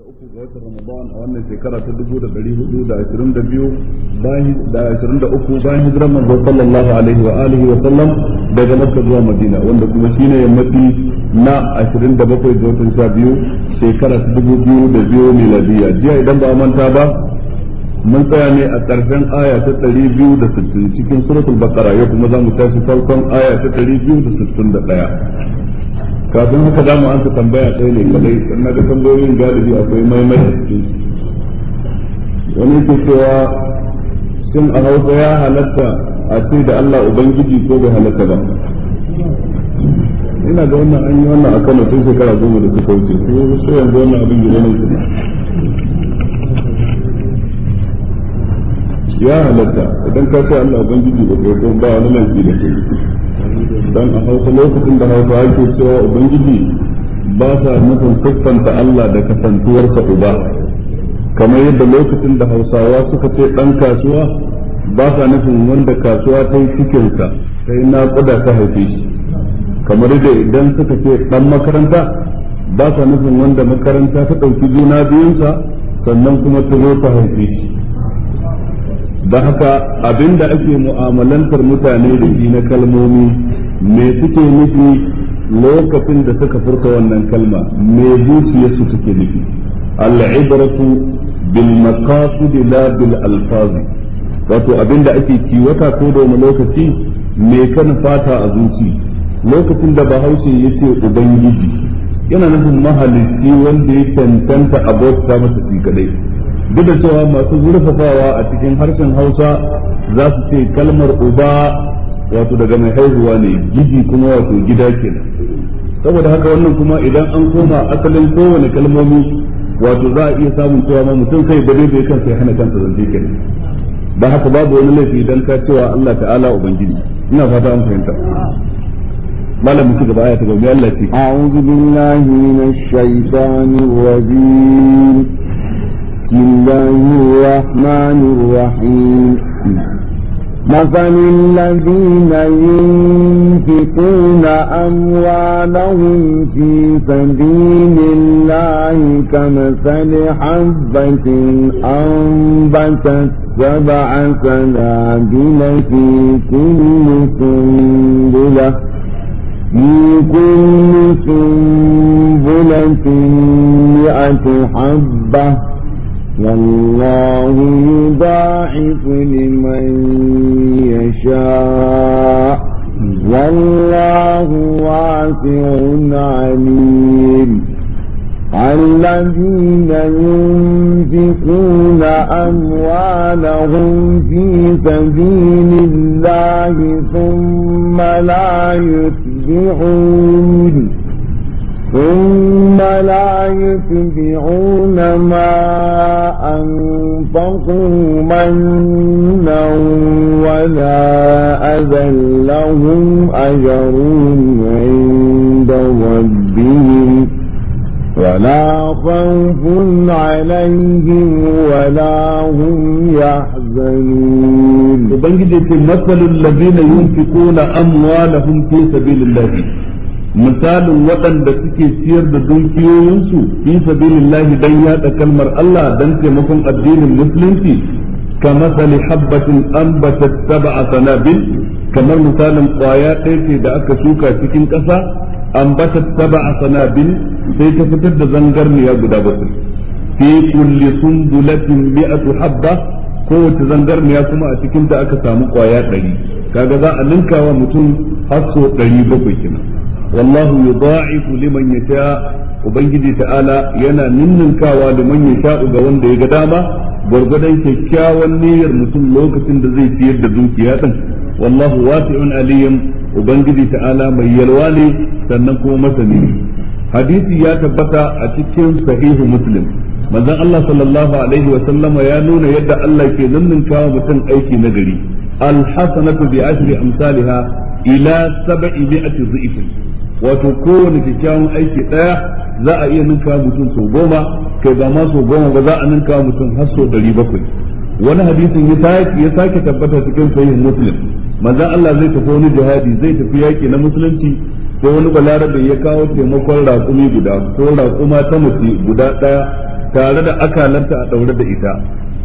23 ga watan Ramadan a wannan shekara ta 1422 bayan da biyu da da ashirin uku bayan hijirar manzo sallallahu alaihi wa alihi wa sallam daga Makka zuwa Madina wanda kuma shine yammaci na ashirin da 27 ga watan 12 shekara ta biyu miladiya jiya idan ba manta ba mun tsaya ne a ƙarshen aya ta biyu da sittin cikin suratul baqara yau kuma za mu tashi farkon aya ta biyu da da sittin 261 kafin haka damu an ta tambaya ɗaya ne kadai sannan ga tambayoyin galibi akwai maimai a cikin su wani ke cewa shin a hausa ya halatta a ce da Allah Ubangiji ko bai halatta ba ina ga wannan an yi wannan a kano tun shekara goma da suka wuce ko sai yanzu wannan abin gida ne kuma ya halatta idan ka ce Allah Ubangiji ba kai ko ba wani laifi da kai dan a hausa lokacin da hausa ake cewa ubangiji ba sa nufin siffanta Allah da kasantuwarsa uba kamar yadda lokacin da hausawa suka ce dan kasuwa ba sa nufin wanda kasuwa ta yi cikinsa ta yi naƙuda ta haife shi kamar yadda idan suka ce dan makaranta ba sa nufin wanda makaranta ta ɗauki juna biyunsa sannan kuma ta zo ta haife shi da haka abinda ake mu'amalantar mutane da shi na kalmomi me suke nufi lokacin da suka furta wannan kalma me zuciyarsu suke nufi al'ibratu bil maqasid la bil alfaz wato abinda ake wata ko da wani lokaci me kan fata a zuci lokacin da bahaushe ya ce ubangiji yana nufin mahalicci wanda ya cancanta abota masa shi kadai duk da cewa masu zurfafawa a cikin harshen hausa za su ce kalmar uba wato daga mai haihuwa ne giji kuma wato gida kenan saboda haka wannan kuma idan an koma asalin kowane kalmomi wato za a iya samun cewa ma mutum sai da bai kan sai hana kansa zance kenan ba haka babu wani laifi idan ka cewa Allah ta'ala ubangiji ina fata an fahimta malam ci gaba aya ta gobe Allah ce a'udhu billahi minash shaitani rajim بسم الله الرحمن الرحيم مثل الذين ينفقون أموالهم في سبيل الله كمثل حبة أنبتت سبع سنابل في كل سنبلة في كل سنبلة مئة حبة والله يضاعف لمن يشاء والله واسع عليم الذين ينفقون أموالهم في سبيل الله ثم لا يتبعون ثم لا يتبعون ما أنفقوا منا ولا أذى لهم أجرهم عند ربهم ولا خوف عليهم ولا هم يحزنون وبنجد مثل الذين ينفقون أموالهم في سبيل الله misalin waɗanda suke ciyar da dukiyoyinsu fi sabilillahi dan yaɗa kalmar Allah dan taimakon addinin musulunci kamar sali habbatin ambatat sab'a sanabil kamar misalin kwaya ɗaya ce da aka shuka cikin ƙasa ambatat sab'a sanabil sai ta fitar da zangarniya guda bakwai fi kulli sunbulatin mi'atu habba kowace zangarniya kuma a cikin da aka samu kwaya ɗari kaga za a ninka wa mutum har so ɗari bakwai kenan wallahu yudha'ifu liman yasha ubangiji ta'ala yana ninninkawa liman yasha ga wanda ya ga dama gwargwadon kyakkyawan niyyar mutum lokacin da zai ciyar da dukiya din wallahu wasi'un aliyim ubangiji ta'ala mai yalwa ne sannan kuma masani hadisi ya tabbata a cikin sahihu muslim manzon Allah sallallahu alaihi wa sallama ya nuna yadda Allah ke ninninkawa mutum aiki na gari alhasanatu bi ashri amsalha ila sab'i mi'ati dhi'fin wato kowane kyakkyawan aiki ɗaya za a iya ninka mutum sau goma kai ba ma sau goma ba za a ninka mutum har sau ɗari bakwai wani hadisin ya sake tabbata cikin sahihin muslim manzon Allah zai tafi wani jihadi zai tafi yaki na musulunci sai wani balarabe ya kawo taimakon raƙumi guda ko raƙuma ta mace guda ɗaya tare da akalanta a ɗaure da ita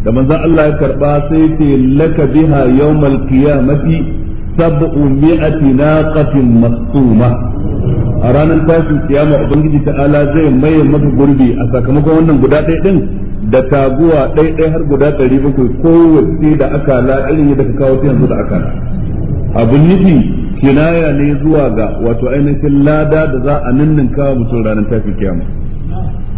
da manzon Allah ya karɓa sai ya ce laka biha yawmal qiyamati sab'umi'ati naqatin masuma a ranar tashin kiyama ubangiji ta'ala zai maye masa gurbi a sakamakon wannan guda ɗaya din da taguwa ɗaya ɗaya har guda ɗari bakwai kowace da aka irin yadda ka kawo su yanzu da akala abin nufi kinaya ne zuwa ga wato ainihin lada da za a ninninka mutum ranar tashin kiyama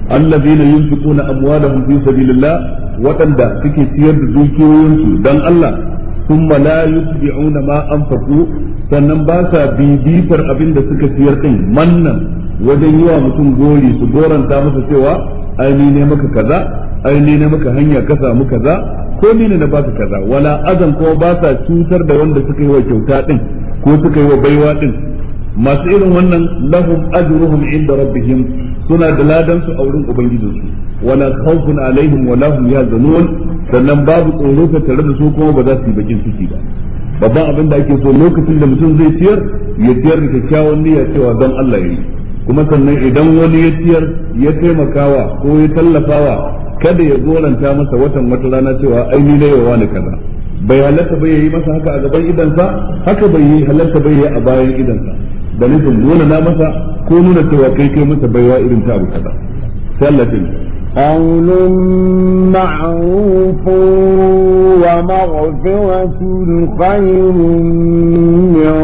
na yunfiquna da fi sabilillah waɗanda suke ciyar da dukiyoyinsu don Allah thumma la yutbi'una ma anfaqu sannan ba sa bibitar abin da suka siyar din mannan wajen yi wa mutum gori su goranta masa cewa ai ni ne maka kaza ai ni ne maka hanya ka samu kaza ko ni ne na baka kaza wala azan ko ba sa cutar da wanda suka yi wa kyauta din ko suka yi wa baiwa din masu irin wannan lahum ajruhum inda rabbihim suna da ladan su a wurin ubangijinsu wala khawfun alaihim wala hum yahzanun sannan babu tsoro ta tare da su kuma ba za su yi bakin ciki ba babban abin da ake so lokacin da mutum zai ciyar ya ciyar da kyakkyawan niyya cewa don Allah ya yi kuma sannan idan wani ya ciyar ya taimakawa ko ya tallafawa kada ya goranta masa watan wata rana cewa ai ni ne yawa ne kaza bai halatta bai yi masa haka a gaban idansa haka bai yi halatta bai yi a bayan idansa da nufin dole na masa ko nuna cewa kai kai masa baiwa irin ta abu kaza sai Allah ce قول معروف ومغفرة خير من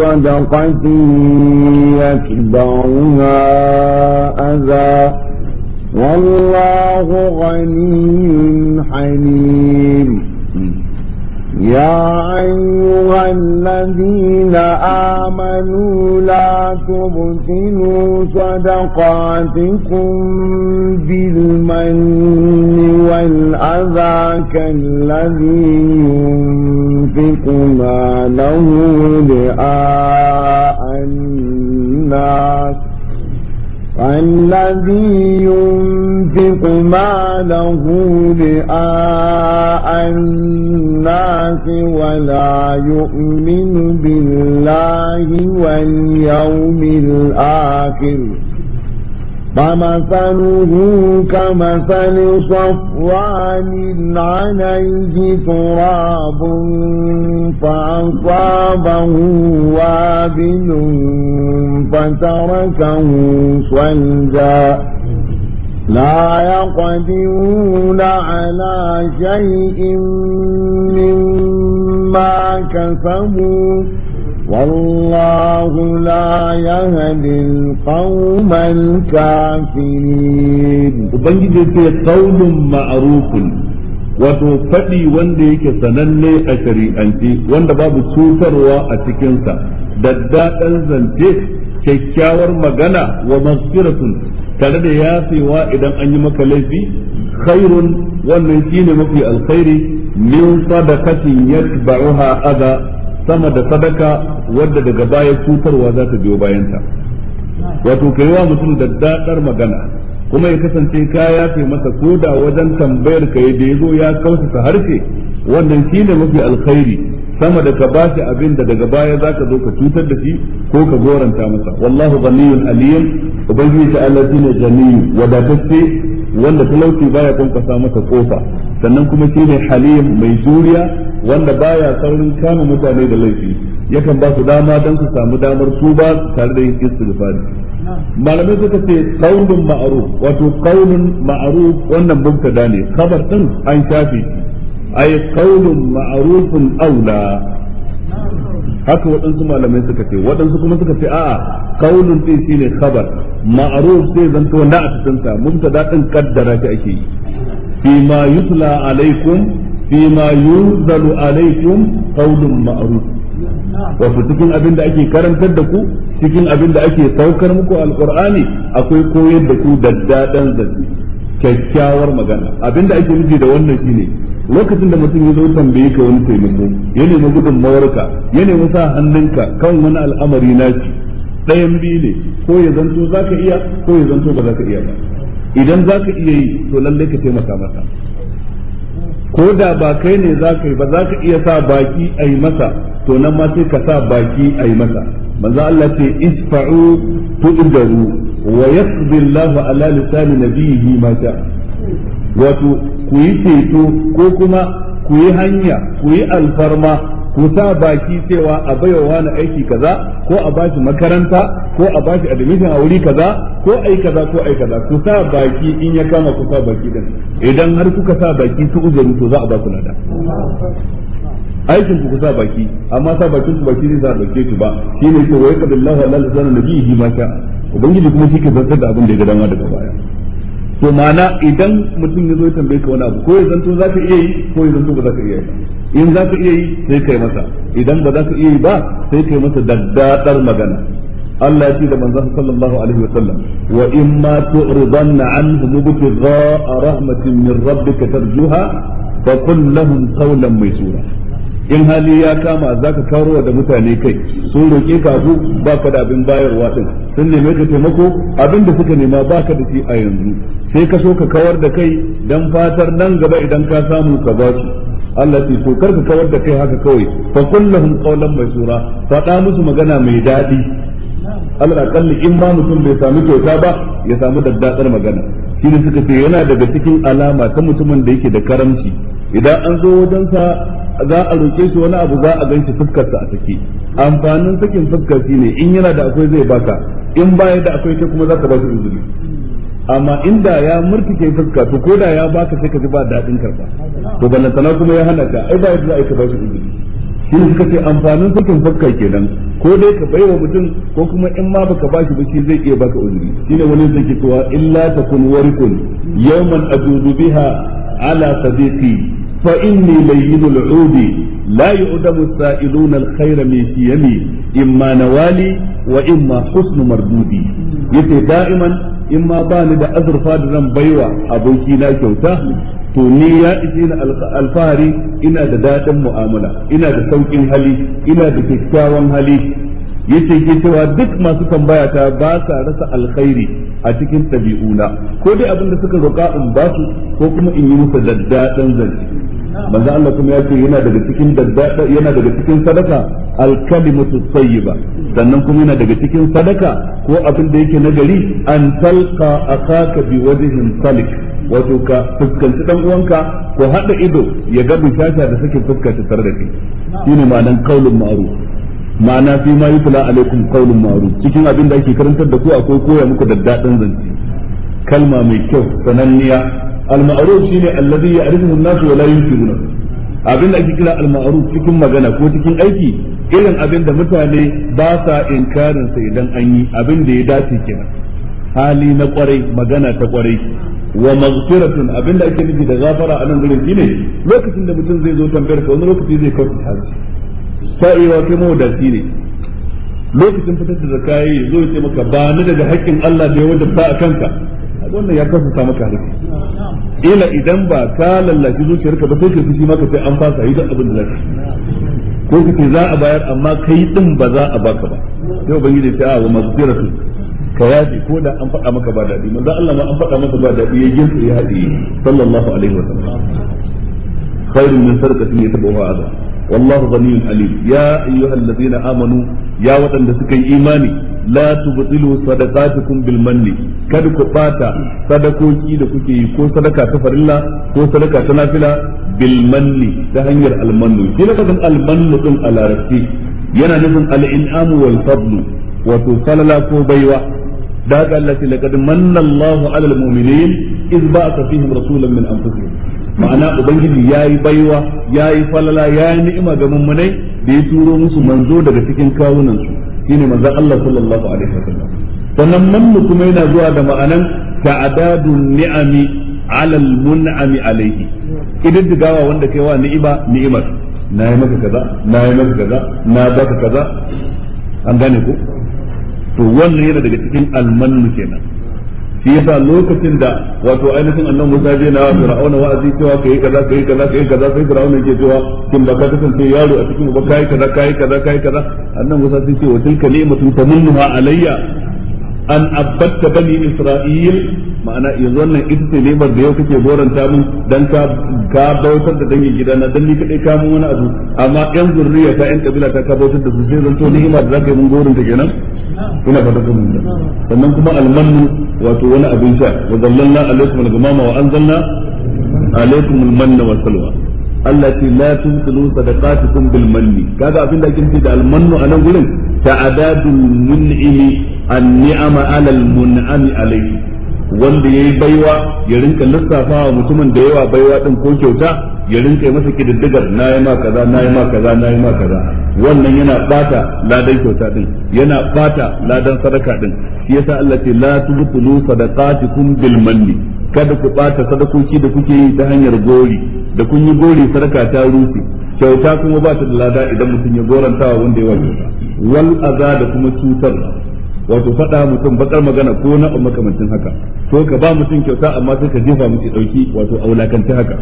صدقة يتبعها أذى والله غني حليم يا أيها الذين آمنوا لا تبطلوا صدقاتكم بالمن والأذى كالذي ينفق ماله رئاء الناس الذي ينفق ماله رئاء الناس ولا يؤمن بالله واليوم الآخر فمثله كمثل صفوان عليه تراب فأصابه وابل فتركه صلدا لا يقدرون على شيء مما كسبوا والله لا يهدي القوم الكافرين وبنجي تي قول معروف wato faɗi wanda yake sananne a shari'ance wanda babu cutarwa a cikinsa daddaɗan zance kyakkyawar magana wa maghfiratun tare da yafewa idan an yi maka laifi khairun wannan shine mafi alkhairi min sadaqatin yatba'uha aza. sama da sadaka wadda daga baya cutarwa za ta biyo bayanta wato ka yi wa mutum da daɗar magana kuma ya kasance ka yafe masa koda wajen tambayar ka da ya zo ya kausata harshe wannan shi ne mafi alkhairi sama da ka ba shi abin da daga baya za ka zo ka cutar da shi ko ka goranta masa wallahu ganiyun aliyun ubangiji ta Allah shine ganiyu wadatacce wanda talauci baya kwankwasa masa kofa sannan kuma shi ne halim mai juriya wanda baya saurin kama mutane da laifi yakan ba su dama don su samu damar su ba tare da yin istighfari malamai suka ce qaulun ma'ruf wato qaulun ma'ruf wannan mubtada ne khabar din an shafe shi ay qaulun ma'rufun aula haka waɗansu malamai suka ce waɗansu kuma suka ce a'a qaulun din shine khabar ma'ruf sai zanto na a cikin sa mubtada din kaddara shi ake yi فيما يتلى عليكم فيما ينزل عليكم قول معروف wato cikin abin da ake karantar da ku cikin abin da ake saukar muku alkur'ani akwai koyar da ku daddadan zance kyakkyawar magana abin da ake nufi da wannan shine lokacin da mutum ya zo tambaye ka wani taimako ya nemi mawarka ya nemi sa hannunka kan wani al'amari nashi ɗayan biyu ne ko ya zanto zaka iya ko ya zanto ba za ka iya ba idan za ka iya yi to lallai ka taimaka masa ko da ba kai ne za ka yi ba za ka iya sa baki a yi masa to nan ma sai ka sa baki a yi masa manzo Allah ce isfa'u tu'jaru wa yaqdi Allahu ala lisani nabiyhi ma sha wato ku yi ceto ko kuma ku yi hanya ku yi alfarma ku sa baki cewa a baiwa na aiki kaza ko a bashi makaranta ko a bashi admission a wuri kaza ko ai kaza ko ai kaza ku sa baki in ya kama ku sa baki din idan har kuka sa baki ku uzuri to za a ba ku nada aikin ku sa baki amma sa bakin ku ba shi ne sa dauke shi ba shi ne ce wa yaqbillahu ala lisan nabi ma sha ubangiji kuma shi ke zartar da abin da ya ga dama daga baya to mana idan mutum ya zo ya tambaye ka wani abu ko ya zanto za ka iya yi ko ya zanto ba za ka iya yi in za ka iya yi sai kai masa idan ba za ka iya yi ba sai kai masa daddadar magana Allah ya ce da manzon sallallahu alaihi wasallam wa in ma tu'ridanna anhum ibtigha'a rahmatin min rabbika tarjuha fa qul lahum qawlan maysura in hali ya kama za ka karo da mutane kai sun roƙe ka abu ba ka da abin bayarwa din sun neme ka taimako abin da suka nema ba ka da shi a yanzu sai ka so ka kawar da kai dan fatar nan gaba idan ka samu ka ba su Allah ce to karka kawar da kai haka kawai fa kullahum qawlan mashura faɗa musu magana mai daɗi Allah kalli in ba mutum bai samu kyauta ba ya samu daddatsar magana shi ne suka ce yana daga cikin alama ta mutumin da yake da karamci idan an zo wajensa za a roke shi wani abu za a gan shi fuskarsa a sake amfanin sakin fuskar shi ne in yana da akwai zai baka in baya da akwai kai kuma za ka ba shi uzuri amma inda ya murtike fuska to ko da ya baka sai ka ji ba daɗin karba to ballantana kuma ya hana ka ai ba yadda za ka ba shi izini shi suka ce amfanin sakin fuska kenan ko dai ka baiwa mutum ko kuma in ma baka bashi ba shi zai iya baka uzuri shine wani zai cewa illa takun warikun yawman ajudu biha ala sadiqi fa inni layyin al'udi la yu'damu sa'iluna al-khayra min shiyami imma nawali wa imma husnu mardudi yace da'iman in ma ba ni da azurfa da zan baiwa aboki na kyauta to ni ya ishe ni alfahari ina da daɗin mu'amala ina da sauƙin hali ina da kyakkyawan hali yace ke cewa duk masu tambaya ta ba sa rasa alkhairi a cikin ɗabi'una ko dai abin da suka roƙa in ba su ko kuma in yi musu daddaɗan zance manzo Allah kuma ya ce yana daga cikin daddaɗa yana daga cikin sadaka al-kalimatu tayyiba sannan kuma yana daga cikin sadaka ko abin da yake nagari an talqa akaka bi wajhin talik wato ka fuskanci dan uwanka ko hada ido ya ga bishasha da suke fuskanci tare da kai shine ma'anan qaulun ma'ruf ma'ana fi ma yutla alaikum qawlun ma'ruf cikin abin da ake karantar da ku akwai koya muku daddaɗin zance kalma mai kyau sananniya al-ma'ruf shine alladhi ya'rifuhu an-nasu wa la yunkiruna abin da ake kira al-ma'ruf cikin magana ko cikin aiki irin abin da mutane ba sa inkarin sa idan an yi abin da ya dace kenan hali na kwarai magana ta kwarai wa maghfiratun abin da ake nufi da gafara a nan gurin shine lokacin da mutum zai zo tambayar ka wani lokaci zai kawo shi. sa'iwa kai mawadaci ne lokacin fitar da zakka yayi zo ce maka ba ni daga haƙƙin Allah da ya wajabta a kanka wannan ya kasa sa maka harshe ila idan ba ka lallashi zuciyarka ba sai ka fushi maka sai an fasa yi duk abin da zaka ko ka ce za a bayar amma kai din ba za a baka ba sai ubangiji ya ce a ah, wa maziratu ka yafi ko da an faɗa maka ba daɗi manzo Allah ma an faɗa maka ba daɗi ya ginsu ya haɗi sallallahu alaihi wasallam khairun min sarqatin yatabawa azab wallahu ghaniyyun alim ya ayyuhalladhina amanu ya waɗanda suka yi imani la tubtilu sadaqatukum bil manni kada ku bata sadakoki da kuke yi ko sadaka ta farilla ko sadaka ta nafila bil manni ta hanyar al mannu shi lafazin al mannu din a larabci yana nufin al in'amu wal wato falala ko baiwa da haka Allah ce laqad manna Allahu alal mu'minin iz ba'atha fihim rasulan min anfusihim ma'ana ubangiji ya yi baiwa ya yi falala ya yi ni'ima ga mummunai da ya turo musu manzo daga cikin kawunansu su ne maza Allah sallallahu alaihi wasallam sannan mannu kuma yana zuwa da ma'anan ta'adadun ni'ami alal mun'ami alaihi kididdigawa wanda kai wa ni'ima ni'imar na yi maka kaza na yi maka kaza na baka kaza an gane ko to wannan yana daga cikin almannu kenan shi yasa lokacin da wato ainihin annan Musa je na Fir'auna wa'azi cewa kai kaza kai kaza kai kaza sai Fir'auna yake cewa ba ka kasance yaro a cikin ba kai kaza kai kaza kai kaza annan Musa sai ce wa tilka ni'matun tamunnuha alayya an abatta bani Isra'il ma'ana yanzu wannan ita ce lemar da yau kake goranta min dan ka ka bautar da dangin gidana dan ni kadai ka mun wani abu amma yan zurriya ta yan kabila ta ka bautar da su sai zanto ni'ima da zaka yi mun goranta kenan ina fata kun sannan kuma almannu wato wani abin sha wa zallalna alaikum al-ghamama wa anzalna alaikum al-manna wa salwa Allah ce la tumsilu sadaqatukum bil manni kaga abin da ake nufi da almannu a nan gurin ta'adadul mun'imi an-ni'ama alal al-mun'ami alayhi wanda ya yi baiwa ya rinka lissafa wa mutumin da yawa baiwa din ko kyauta ya rinka yi masa kididdigar na yi ma kaza na yi ma kaza na yi ma kaza wannan yana bata ladan kyauta din yana bata ladan sadaka din shi yasa Allah ce la tubtulu sadaqatikum bil manni kada ku bata sadakoki da kuke yi ta hanyar gori da kun yi gori sadaka ta rushe kyauta kuma ba ta da lada idan mutum ya goranta wa wanda ya wa wal aza da kuma cutar wato faɗa mutum bakar magana ko na makamancin haka to ka ba mutum kyauta amma sai ka jefa mishi ɗauki wato a wulakanci haka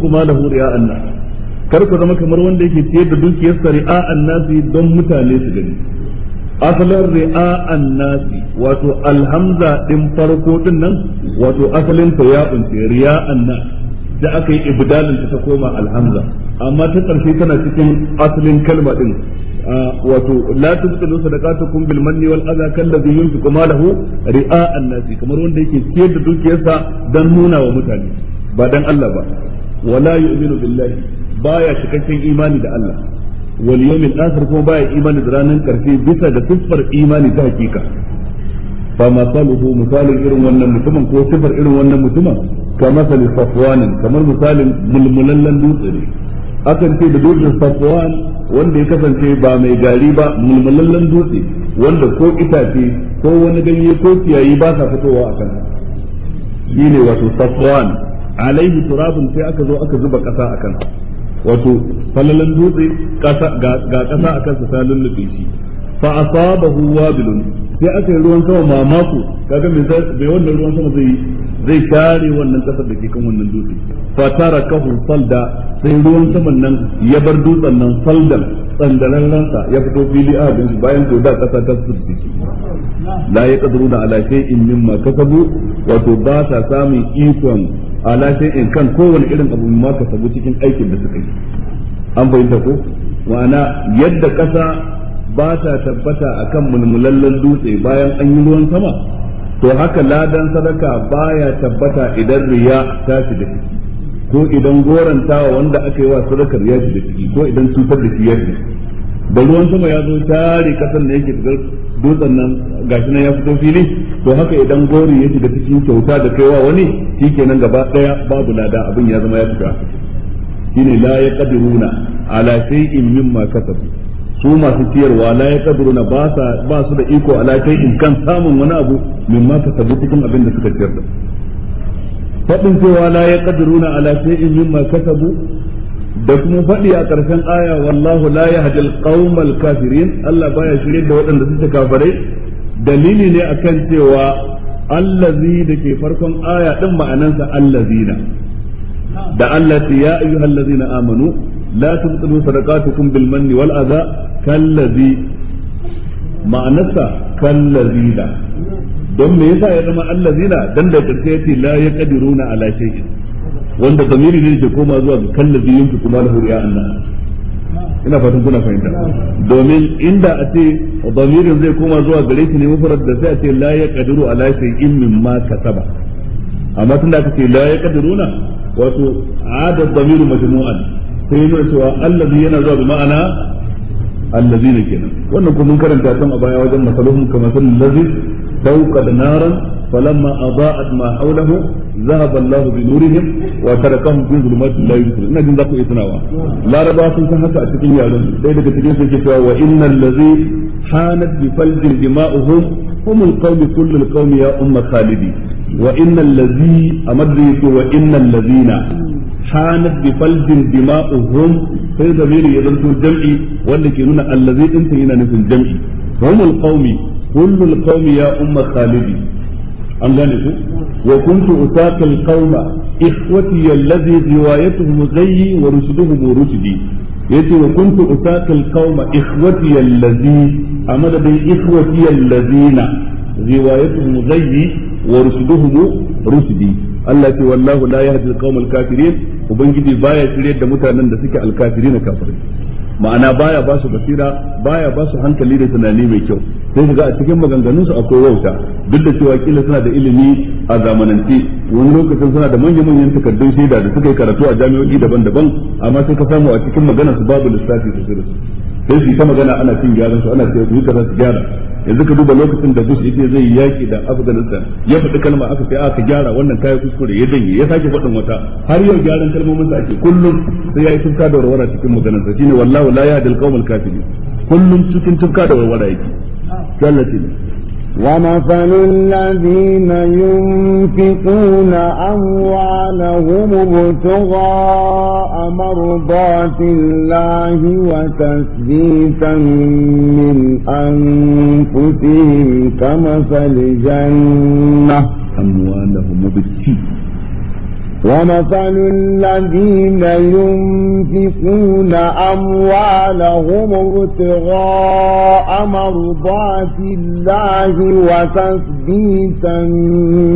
kuma da malahu ri'a'an nas kar ku zama kamar wanda yake ciyar da dukiyar a'an na nas don mutane su gani asalin an nasi wato alhamza din farko din nan wato asalin ta ya kunce an nas da aka yi ibdalin ta koma alhamza amma ta karshe tana cikin asalin kalma ɗin. wato la tubtilu sadaqatukum bil manni wal adha kallazi yunfiqu malahu ri'a an-nas kamar wanda yake ciyar da dukiyarsa dan nuna wa mutane ba dan Allah ba wala yu'minu billahi baya cikakken imani da Allah wal yawmil akhir kuma baya imani da ranar karshe bisa da siffar imani ta hakika fa masaluhu misalin irin wannan mutumin ko sifar irin wannan mutumin ka masalin safwanin kamar misalin mulmulallan dutse ne akan ce da dutsen safwan wanda ya kasance ba mai gari ba mulmulallen dutse wanda ko itace ko wani ganye ko ciyayi ba sa fitowa a kansa shine wato safwan alaihi turabun sai aka zo aka zuba ƙasa a kansa wato falalan dutse ga kasa a kansa ta lullube shi fa asabahu wabilun sai aka yi ruwan sama mamako kaga me bai wannan ruwan sama zai zai share wannan kasar da ke kan wannan dutse fa tarakahu salda sai ruwan saman nan ya bar dutsen nan saldan tsandaran ransa ya fito fili a gaban bayan ko da kasa ta tsirce shi la yaqdiruna ala shay'in mimma kasabu wato ba ta samun ikon ala shay'in kan kowane irin abu ma ka sabu cikin aikin da suka yi an bayyana ko ma'ana yadda kasa ba ta tabbata akan mulmulallen dutse bayan an yi ruwan sama to haka ladan sadaka baya tabbata idan riya ta shiga ciki ko idan gorantawa wanda aka yi wa sadakar ya shiga ciki ko idan cutar da shi ya shiga ciki da ruwan sama ya zo share kasan da yake fitar dutsen nan gashi nan ya fito fili to haka idan gori ya shiga cikin kyauta da kaiwa wani shikenan gaba daya babu lada abin ya zama ya fita shine la yaqdiruna ala shay'in mimma kasabu su masu ciyarwa la yaqdiruna ba sa ba su da iko ala shay'in kan samun wani abu mimma kasabu cikin abin da suka ciyar da fadin cewa la yaqdiruna ala shay'in mimma kasabu da kuma faɗi a ƙarshen aya wallahu la yahdi al kafirin Allah baya shirye da waɗanda suke kafirai dalili ne akan cewa allazi da ke farkon aya din ma'anansa allazina da Allah ce ya ayyuhal ladzina amanu la tubtilu sadaqatukum bil manni wal adha kallazi ma'anarsa kallazina don me yasa ya zama allazina dan da karshe yace la yaqdiruna ala shay'in wanda zamiri ne ke koma zuwa ga kallabi yanku kuma lahu ya annas ina fatan kuna fahimta domin inda a ce zamirin zai koma zuwa gare shi ne mufrad da sai a ce la ya qadiru ala shay'in ma kasaba amma tunda aka ce la ya qadiruna wato adad zamiru majmu'an sai yana cewa allazi yana zuwa bi ma'ana allazina kenan wannan kuma mun karanta tun a baya wajen masaluhum kama sun lazi daukar naran falamma adaa'at ma Allahu bi الله wa وتركهم في ظلمات لا يبصرون ina jin za ku laraba sun san haka a cikin yaron dai daga cikin su ke cewa wa innal ladhi hanat bi faljin dima'uhum هم القوم كل القوم يا أم خالدي وإن الذي أمر wa وإن الذين hanat bi faljin dima'uhum sai zamiri ya zanto jam'i wanda ke nuna allazi din sun yana nufin jam'i humul qaumi kullul qaumi ya umma khalidi an gane ku wa kuntu usaqil qauma ikhwati allazi riwayatuhum ghayyi wa rusuduhum rusudi yace wa kuntu usaqil qauma ikhwati allazi amada bin ikhwati allazina riwayatuhum ghayyi wa rusuduhum rusudi Allah ce wallahu la yahdi al-qawmal kafirin ubangiji baya shiryar da mutanen da suke al-kafirin kafirai ma'ana baya ba su basira baya ba su hankali da tunani mai kyau sai ka ga a cikin maganganun su akwai wauta duk da cewa kila suna da ilimi a zamanance wani lokacin suna da manyan manyan takardun shaida da suka yi karatu a jami'o'i daban-daban amma sai ka samu a cikin maganar su babu lissafi sosai da sosai sai su yi ta magana ana cin gyaran su ana cewa ku za su gyara yanzu ka duba lokacin da Bush yace zai yaki da Afghanistan ya faɗi kalma aka ce aka gyara wannan kayan kuskure ya janye ya sake faɗin wata har yau gyaran kalmomin sa ake kullum sai yayi tufka da warwara cikin maganarsa sa shine wallahi la yahdil qawmal kafirin kullum cikin tufka da warwara yake kallace ومثل الذين ينفقون أموالهم ابتغاء مرضات الله وتثبيتا من أنفسهم كمثل جنة أموالهم بالسيف ومثل الذين ينفقون أموالهم ابتغاء مرضات الله وتثبيتا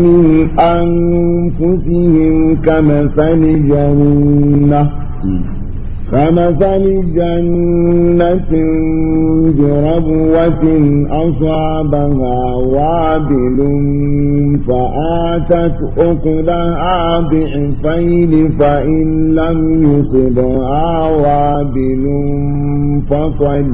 من أنفسهم كمثل جنة كمثل جنة ذ ربوة أصابها وابل فآتت أقدها ضعفين فإن لم يصبها وابل فصل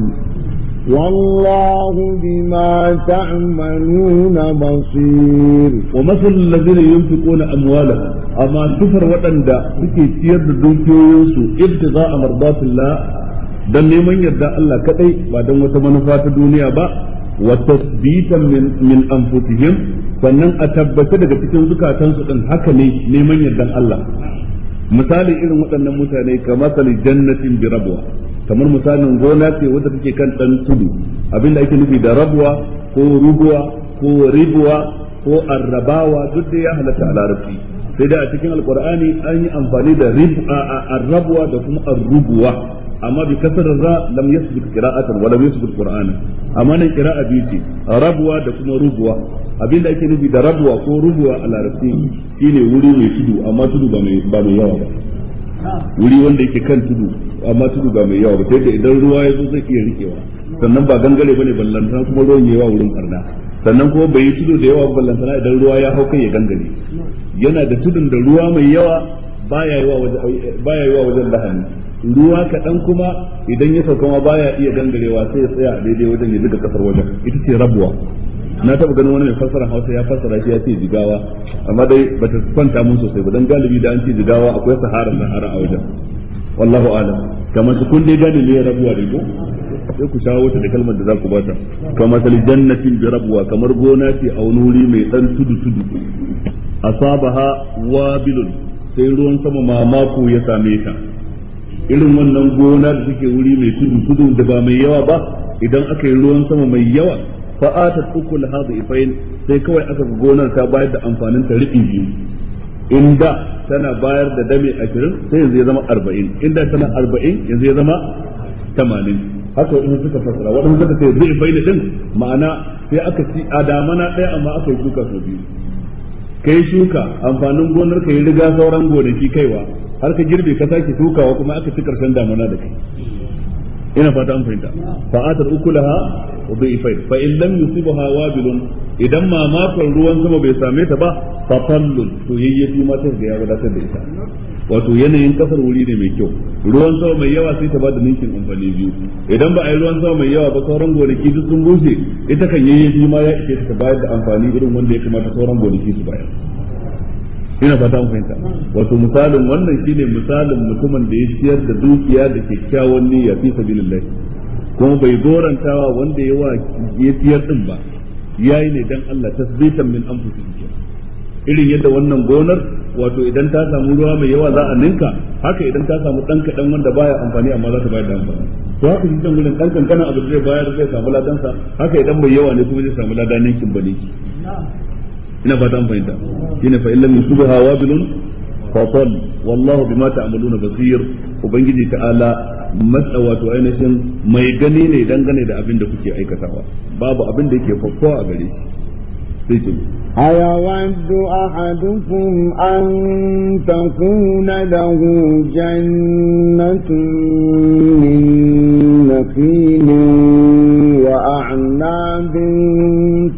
والله بما تعملون بصير ومثل الذين ينفقون أموالهم أما سفر وطن دا سكي تيرد دوكيو ينسو ابتغاء مرضات الله dan neman yarda Allah kadai ba dan wata manufa ta duniya ba wa tasbitan min min anfusihim sannan a tabbace daga cikin zukatansu din haka ne neman yardan Allah Misali irin waɗannan mutane kamar jannatin bi rabwa kamar misalin gona ce wadda take kan dan tudu abinda ake nufi da rabwa ko rubuwa ko ribuwa ko arrabawa duk da ya halatta a larabci sai dai a cikin alkur'ani an yi amfani da rib'a arrabwa da kuma arrubuwa amma bi kasarar ra lam yasbut qira'atan wa lam yasbut qur'ana amma nan qira'a bi ce rabuwa da kuma rubuwa abinda ake nufi da rabuwa ko rubuwa a larabci shine wuri mai tudu amma tudu ba mai ba mai yawa ba wuri wanda yake kan tudu amma tudu ba mai yawa ba sai da idan ruwa ya zo zai iya rikewa sannan ba gangare bane ballantana kuma ruwan yawa wurin karna sannan kuma bai yi tudu da yawa ballantana idan ruwa ya hau kai ya gangare yana da tudun da ruwa mai yawa baya yi wa wajen lahani ruwa kaɗan kuma idan ya sauka ma baya iya gangarewa sai ya tsaya daidai wajen ya zuga kasar wajen ita ce rabuwa na taɓa ganin wani mai fassara hausa ya fassara shi ya ce jigawa amma dai ba ta kwanta mun sosai ba dan galibi da an ce jigawa akwai sahara sahara a wajen wallahu alam kamar su kun dai gane ne rabuwa da ko sai ku shawo wata da kalmar da za ku bata kamar jannatin bi rabuwa kamar gona ce a wani wuri mai ɗan tudu tudu asabaha wabilun sai ruwan sama Mamaku ya same ta irin wannan gona da suke wuri mai tudu tudu da ba mai yawa ba idan aka yi ruwan sama mai yawa fa atat ukul hadhi ifain sai kawai aka ga gonar ta bayar da amfanin ta riɓi biyu inda tana bayar da dame 20 sai yanzu ya zama 40 inda tana 40 yanzu ya zama 80 haka wadanda suka fasara wadanda suka ce zai da ɗin ma'ana sai aka ci a damana ɗaya amma aka yi duka sau biyu kai shuka amfanin gonar ka yi riga sauran gonaki kaiwa har ka girbe ka sake shukawa kuma aka ci karshen damuna da kai ina fata an fahimta fa atar ukulaha wa ifai fa in lam yusibha wabilun idan ma mamakon ruwan sama bai same ta ba fa tallun to yayyafi ma sai ga ya ta da ita wato yanayin kasar wuri ne mai kyau ruwan sama mai yawa sai ta bada ninkin amfani biyu idan ba a yi ruwan sama mai yawa ba sauran gonaki duk sun bushe ita kan yayyafi ma ya ishe ta bayar da amfani irin wanda ya kamata sauran gonaki su bayar ina fata mu fahimta wato misalin wannan shine misalin mutumin da ya ciyar da dukiya da kyakkyawan niyya fi sabilillah kuma bai gorantawa wanda yawa ya ciyar din ba yayi ne dan Allah tasbitan min anfusihi irin yadda wannan gonar wato idan ta samu ruwa mai yawa za a ninka haka idan ta samu dan kadan wanda baya amfani amma za ta bayar da amfani to haka shi can gurin dan kankana abu zai bayar zai samu ladansa haka idan mai yawa ne kuma zai samu ladan ninkin baliki ina fata an fahimta shine fa illam yusubha wabilun fatal wallahu bima ta'maluna basir ubangiji ta'ala matsa wato ainihin mai gani ne dangane da abin da kuke aikatawa babu abin da yake fafuwa a gare shi sai ce أيود أحدكم أن تكون له جنة من نخيل وأعناب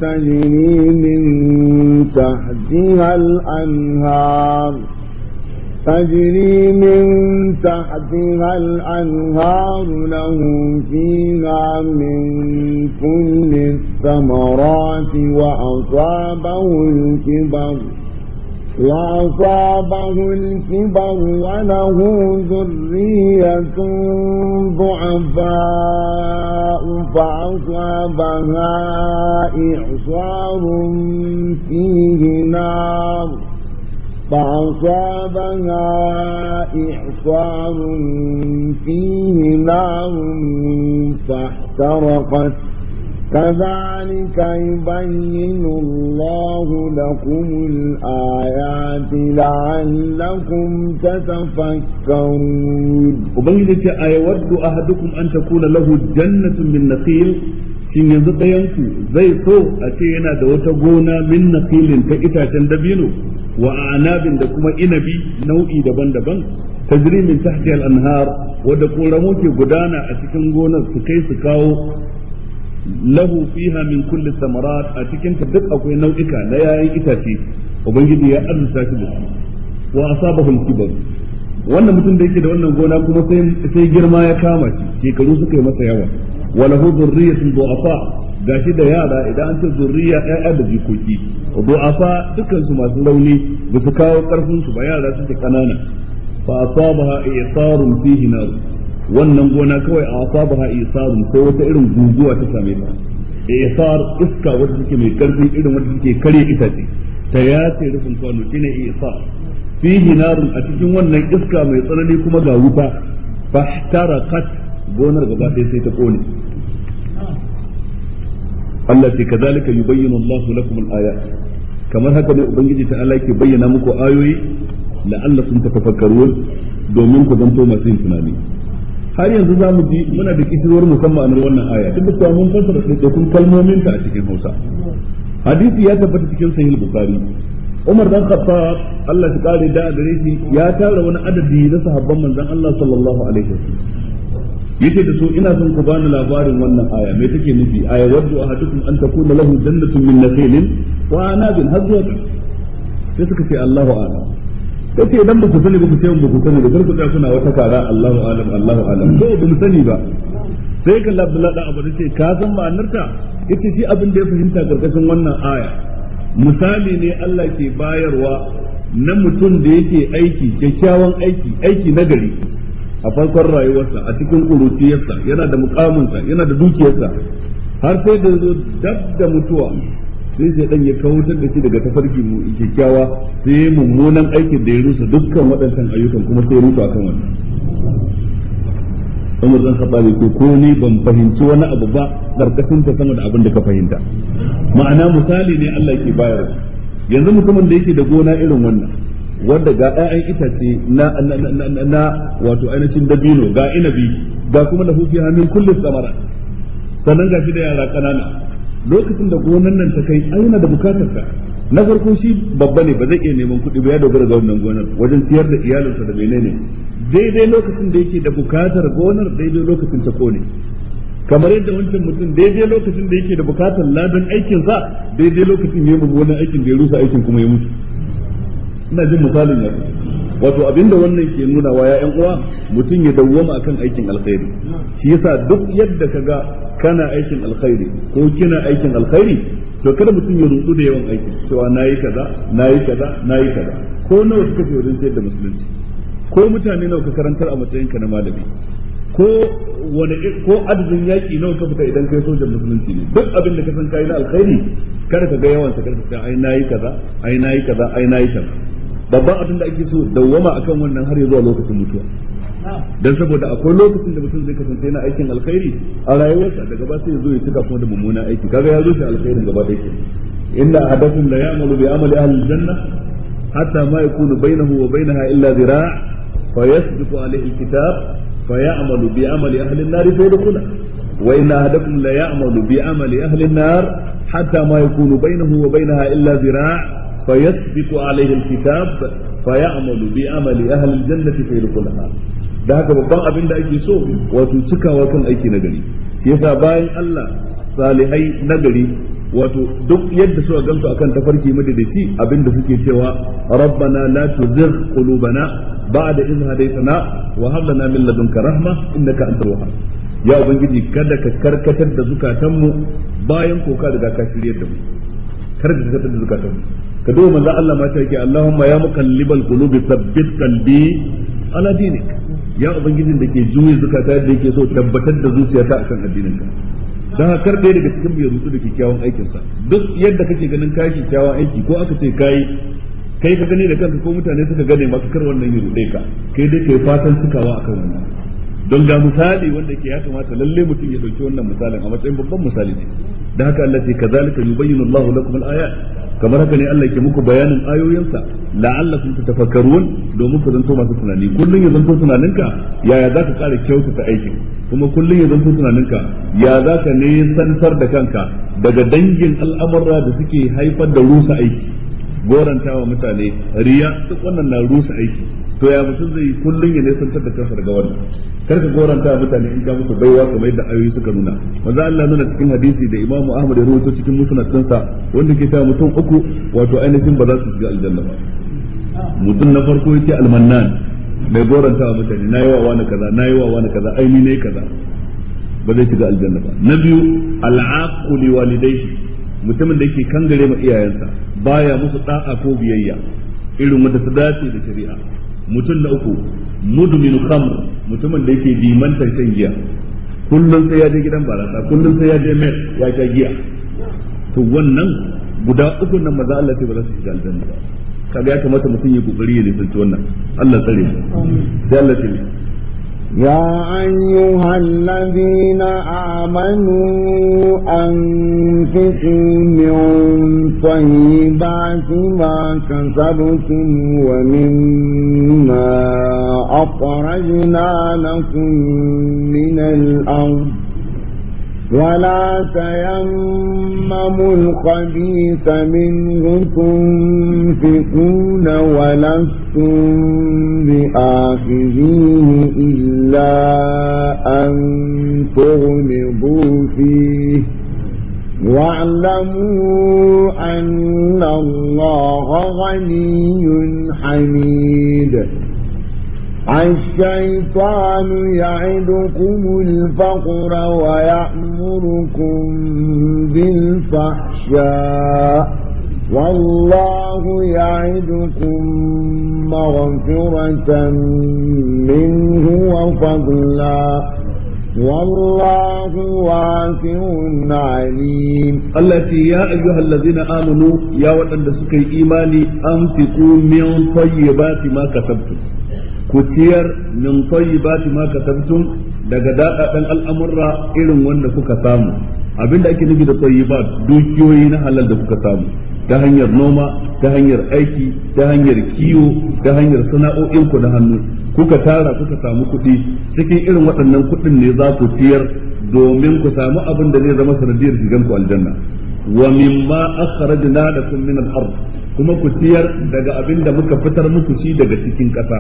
تجري من تحتها الأنهار تجري من تحتها الأنهار له فيها من كل الثمرات وأصابه الكبر وأصابه الكبر وله ذرية ضعفاء فأصابها إعصار فيه نار فأصابها إعصار فيه نار فاحترقت كذلك يبين الله لكم الآيات لعلكم تتفكرون وبنجد أيود أحدكم أن تكون له جنة من نخيل shin yanzu ɗayanku zai so a ce yana da wata gona min nakhilin ta itacen dabino wa anabin da kuma inabi nau'i daban-daban ta min tahti anhar wadda ƙoramu ke gudana a cikin gonar su kai su kawo lahu fiha min kulli thamarat a cikin duk akwai nau'ika na yayin itace ubangiji ya arzuta shi da su wa asabahu al wannan mutum da da wannan gona kuma sai sai girma ya kama shi shekaru suka yi masa yawa wa lahu dhurriyyatun du'afa gashi da yara idan an ce zurriya ƴaƴa da jikoki du'afa dukkan su masu rauni ba su kawo karfin su ba yara suke kanana fa asabaha isarun fihi nar wannan gona kawai a asabaha isarun sai wata irin guguwa ta same ta isar iska wadda take mai karfi irin wadda take kare itace ta ya yace rufin kwano shine isar fihi narun a cikin wannan iska mai tsanani kuma ga wuta kat gonar gaba ɗaya sai ta kone Allah ce kazalika yubayyinu Allahu lakum al-ayat kamar haka ne ubangiji ta Allah ke bayyana muku ayoyi la'allakum tatafakkarun domin ku zanto masu yin tunani har yanzu za mu ji muna da kishirwar musamman a wannan aya duk da mun fassara ɗaiɗaikun kalmomin ta a cikin Hausa hadisi ya tabbata cikin sahih bukhari Umar dan Khattab Allah shi kare da gare shi ya tara wani adadi na sahabban manzon Allah sallallahu alaihi wasallam yace da su ina son ku bani labarin wannan aya me take nufi aya waddu ahadukum an takuna lahu jannatun min nakhilin wa anabin har sai suka ce Allahu a'lam sai ce idan ba ku sani ba ku ce ba ku sani ba kar ku tsaya kuna wata kara Allahu alam Allahu alam ko ba mu sani ba sai kan Abdullah da Abu ce ka san ma'anarta yace shi abin da ya fahimta karkashin wannan aya misali ne Allah ke bayarwa na mutum da yake aiki kyakkyawan aiki aiki na gari a farkon rayuwarsa a cikin kuruciyarsa yana da mukaminsa yana da dukiyarsa har sai da zo dab da mutuwa sai sai dan ya ta da shi daga tafarki mu kikkiawa sai ya mummunan aikin da ya rusa dukkan waɗancan ayyukan kuma sai ya akan wannan Umar dan Khattab ce ko ni ban fahimci wani abu ba karkashin ta sama da abin da ka fahimta ma'ana misali ne Allah yake bayar yanzu mutumin da yake da gona irin wannan wanda ga ɗayan itace na na wato ainihin dabino ga inabi ga kuma lafufi hannun kullum samara sannan gashi da yara ƙanana lokacin da gonan nan ta kai aina da bukatar ta na farko shi babba ne ba zai iya neman kuɗi ba ya dogara ga wannan gonar wajen siyar da iyalinsa da menene daidai lokacin da yake da bukatar gonar daidai lokacin ta kone kamar yadda wancan mutum daidai lokacin da yake da bukatar ladan aikinsa daidai lokacin ya yi gonar aikin da ya rusa aikin kuma ya mutu ina jin misalin ya wato abinda wannan ke nuna wa ya uwa mutum ya dawwama akan aikin alkhairi shi yasa duk yadda kaga kana aikin alkhairi ko kina aikin alkhairi to kada mutum ya rutu da yawan aiki cewa nayi kaza nayi kaza nayi kaza ko nawa kake wajen sayar da musulunci ko mutane nawa ka karantar a matsayin ka na malami ko wani ko adadin yaki nawa ka fita idan kai sojan musulunci ne duk abin da ka san kai na alkhairi kada ka ga yawan sa kada sai ai nayi kaza ai nayi kaza ai nayi kaza babban abin da ake so dawwama akan wannan har ya zuwa lokacin mutuwa dan saboda akwai lokacin da mutum zai kasance yana aikin alkhairi a rayuwarsa daga ba sai ya zo ya cika kuma da mummunan aiki kaga ya zo shi alkhairin gaba ɗaya inna ahadakum la ya'malu bi amali ahli janna hatta ma yakunu bainahu wa bainaha illa zira' fa yasbiqu alayhi alkitab fa ya'malu bi amali ahli an-nar fa yadkhulaha wa inna ahadakum la ya'malu bi amali ahli an-nar hatta ma yakunu bainahu wa bainaha illa zira' فيسبق عليه الكتاب فيعمل بعمل اهل الجنه فيدخلها da haka babban abin da ake so wato cikawa kan aiki na gari shi yasa bayan Allah salihai na gari wato duk yadda suka gamsu akan tafarki madadaci abinda suke cewa rabbana la tuzigh qulubana ba'da idh hadaytana wa hab lana min ladunka rahma innaka antal wahhab ya ubangiji kada ka karkatar da zukatanmu bayan ko ka riga ka shiryar da mu karkatar da zukatanmu ka duba manzo Allah ma ce Allahumma ya muqallibal qulubi thabbit qalbi ala dinik ya ubangijin da ke juyi zukata da yake so tabbatar da zuciyata akan addinin ka dan har kar daga cikin bai rutu da kyakkyawan aikin sa duk yadda kake ganin ka kyakkyawan aiki ko aka ce kai kai ka gani da kanka ko mutane suka gane maka kar wannan yuru dai ka kai dai kai fatan cikawa akan wannan don ga misali wanda ke ya kamata lalle mutum ya dauki wannan misalin a matsayin babban misali ne da haka Allah ce kazalika yubayyinu Allahu lakum al-ayat kamar haka ne Allah ke muku bayanin ayoyinsa la'allakum tatafakkarun domin ku zanto masu tunani kullun ya zanto tunaninka yaya zaka kara kyautata aiki kuma kullun ya zanto tunaninka ya zaka ne santar da kanka daga dangin al'amarra da suke haifar da rusa aiki gorantawa mutane riya duk wannan na rusa aiki to ya mutum zai kullun ya nesantar da kansa daga wannan karka ka goranta mutane in ka musu baiwa kamar yadda ayoyi suka nuna maza Allah nuna cikin hadisi da Imam Ahmad ya rawaito cikin musnad ɗinsa wanda ke sa mutum uku wato ainihin ba za su shiga aljanna ba mutum na farko yace almannan mai goranta mutane nayi wa wani kaza nayi wa wani kaza aini ne kaza ba zai shiga aljanna ba na biyu al'aqu li walidayhi mutumin da yake kangare ma iyayensa baya musu da'a ko biyayya irin wanda ta dace da shari'a mutum na uku mudmin khamr mutumin da yake limantar shan giya kullum sai ya je gidan barasa kullum sai ya je mes ya sha giya to wannan guda uku nan maza Allah ce ba za su shiga aljanna ba kaga ya kamata mutum ya kokari ya nisanci wannan Allah tsare sai Allah ce يا أيها الذين آمنوا أنفقوا من طيبات ما كسبتم ومما أخرجنا لكم من الأرض ولا تيمموا الخبيث منه تنفقون ولستم بآخذيه إلا أن تغمضوا فيه واعلموا أن الله غني حميد الشيطان يعدكم الفقر ويأمر يأمركم بالفحشاء والله يعدكم مغفرة منه وفضلا والله واسع عليم التي يا أيها الذين آمنوا يا وطن سكي إيماني أنفقوا من طيبات ما كسبتم كتير min tayyibati ma kasabtum daga dadadan al'amurra irin wanda kuka samu abinda ake nufi da tayyibat dukiyoyi na halal da kuka samu ta hanyar noma ta hanyar aiki ta hanyar kiwo ta hanyar sana'o'in ku na hannu kuka tara kuka samu kuɗi cikin irin waɗannan kuɗin ne za ku ciyar domin ku samu abin da zai zama sanadiyar shigan ku aljanna wa mimma akhrajna lakum min al-ard kuma ku ciyar daga abin da muka fitar muku shi daga cikin ƙasa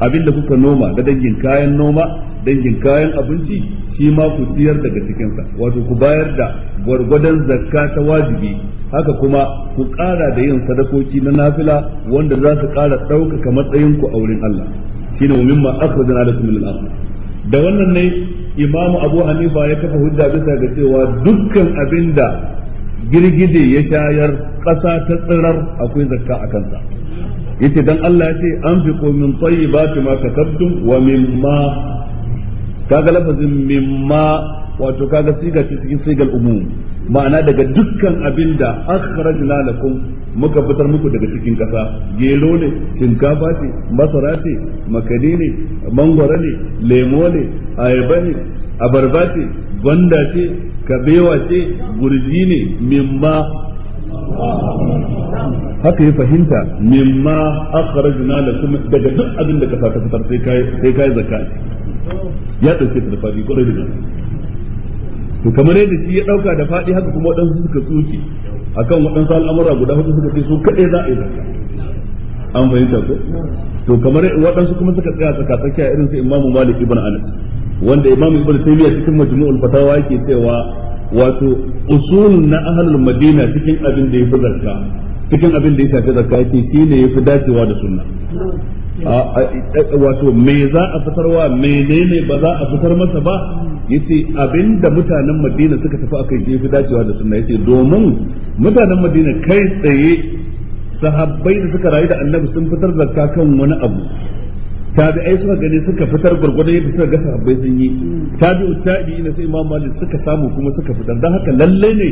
abin da kuka noma da dangin kayan noma dangin kayan abinci shi ma ku ciyar daga cikinsa wato ku bayar da gwargwadon zakka ta wajibi haka kuma ku ƙara da yin sadakoki na nafila wanda za su ƙara ɗaukaka matsayinku a wurin Allah shine mumin ma akhrajna lakum min al da wannan ne imam abu hanifa ya kafa hujja bisa ga cewa dukkan abinda girgije ya shayar ƙasa ta tsirar akwai zakka a kansa yace dan Allah yace ko min tayyibati ma kasabtum wa mimma kaga lafazin mimma wato kaga siga ce cikin sigal umum ma'ana daga dukkan abinda akhrajna lakum muka fitar muku daga cikin ƙasa gero ne shinkafa ce masara ce makani ne mangwara ne lemo ne ayaba ne abarba ce banda ce kabewa ce gurji ne mimma haka ya fahimta mimma akhrajna lakum daga duk abin da kasa ta fitar sai kai sai kai zakat ya dauke ta da fadi kwarai da gaske to kamar yadda shi ya dauka da fadi haka kuma wadansu suka A akan wadansu al'amura guda hudu suka ce su kade za a yi zakat an fahimta ko to kamar wadansu kuma suka tsaya tsaka tsakiya irin su imamu Malik ibn Anas wanda imamu Ibn Taymiyyah cikin Majmu'ul Fatawa yake cewa wato usulun na ahlul madina cikin abin da ya fi cikin abin da ya shafi zakka yace shine yafi dacewa da sunna wato me za a fitarwa menene ba za a fitar masa ba yace abinda mutanen madina suka tafi akai shi yafi dacewa da sunna yace domin mutanen madina kai tsaye sahabbai da suka rayu da annabi sun fitar zakka kan wani abu tabi'ai suka gani suka fitar gurgurdan yadda suka ga sahabbai sun yi tabi'u na sai imam malik suka samu kuma suka fitar dan haka lalle ne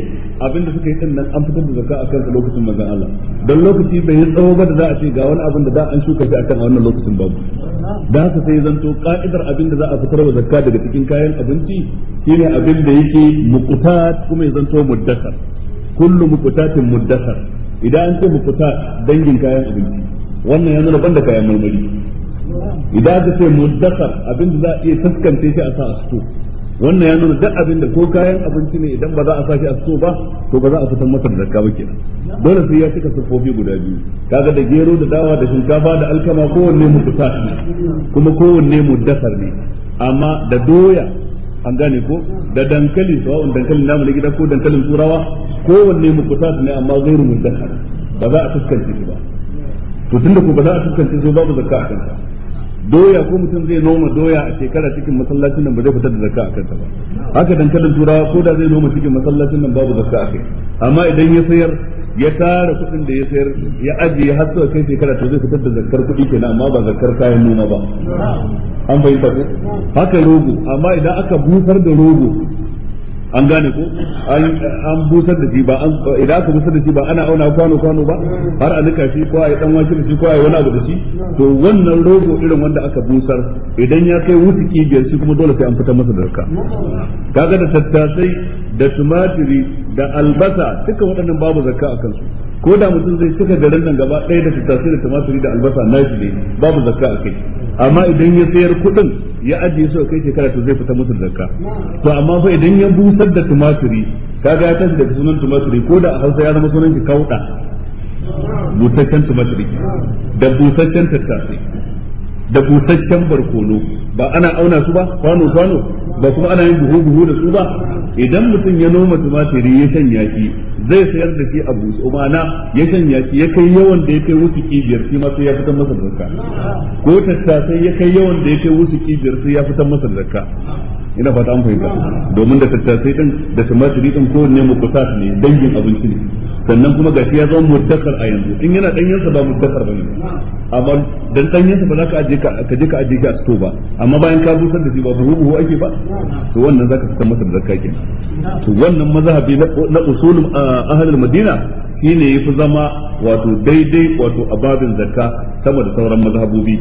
abinda suka yi dinnan an fitar da zakka akan sa lokacin manzon Allah dan lokaci bai yi tsawo ba da za a ce ga wani abin da za an shuka shi a can a wannan lokacin babu dan haka sai zanto ka'idar abinda za a fitar da zakka daga cikin kayan abinci shine abin da yake muqtat kuma ya zanto muddasar kullu muqtatin muddasar idan an ce muqtat dangin kayan abinci wannan ya nuna banda kayan marmari idan aka ce muddasar abin da za a iya taskance shi a sa a sto wannan ya nuna duk abin da ko kayan abinci ne idan ba za a sa shi a sto ba to ba za a fitar masa da zakka ba kenan dole sai ya cika siffofi guda biyu kaga da gero da dawa da shinkafa da alkama kowanne mukutas shi kuma kowanne muddakar ne amma da doya an gane ko da dankali sawa'un dankalin namu na gida ko dankalin turawa kowanne mukutas ne amma gairu muddakar ba za a fuskance shi ba to tunda ko ba za a fuskance ba ba zakka a kansa doya ko mutum zai noma doya a shekara cikin masallacin nan ba zai fitar da zakka a kanta ba haka dankalin turawa ko da zai noma cikin masallacin nan babu zakka a kai amma idan ya sayar ya tara kuɗin da ya sayar ya ajiye har sau kai shekara to zai fitar da zakkar kuɗi kenan amma ba zakkar kayan noma ba an bai ko haka rogo amma idan aka busar da rogo an gane ko an busar da shi ba idan aka busar da shi ba ana auna kwano kwano ba har a nika shi ko ai dan wake da shi ko ai wani abu da shi to wannan rogo irin wanda aka busar idan ya kai wusuki biyar shi kuma dole sai an fitar masa da ka kaga da tattasai da tumatiri da albasa duka waɗannan babu zakka a kansu ko da mutum zai cika garin nan gaba ɗaya da tattasai da tumatiri da albasa nashi ne babu zakka a kai amma idan ya sayar kuɗin ya ajiye su a kai shekara to zai fita musu zakka to amma fa idan ya busar da tumatiri kaga ya tashi daga sunan tumatiri ko da a Hausa ya zama sunan shi kauɗa busasshen tumatiri da busasshen tattasai da busasshen barkono ba ana auna su ba kwano kwano ba kuma ana yin buhu buhu da su ba idan mutum ya noma tumatiri ya shanya shi zai sayar da shi a busu ma'ana ya shanya shi ya kai yawan da ya kai wasu kibiyar shi ma sai ya fitar masa zakka ko tattasai ya kai yawan da ya kai wasu kibiyar sai ya fitar masa zakka ina fata an fahimta domin da tattasai din da tumatiri din kowanne kusa ne dangin abinci ne sannan kuma gashi ya zama muddassar a yanzu in yana danyen sa ba muddassar bane amma dan danyen ba za ka aje ka je ka aje shi a sto ba amma bayan ka busar da shi ba buhu buhu ake ba to wannan zaka fitar masa da zakka kenan to wannan mazhabi na usulul ahlul madina shine yafi zama wato daidai wato ababin zakka sama da sauran mazhabobi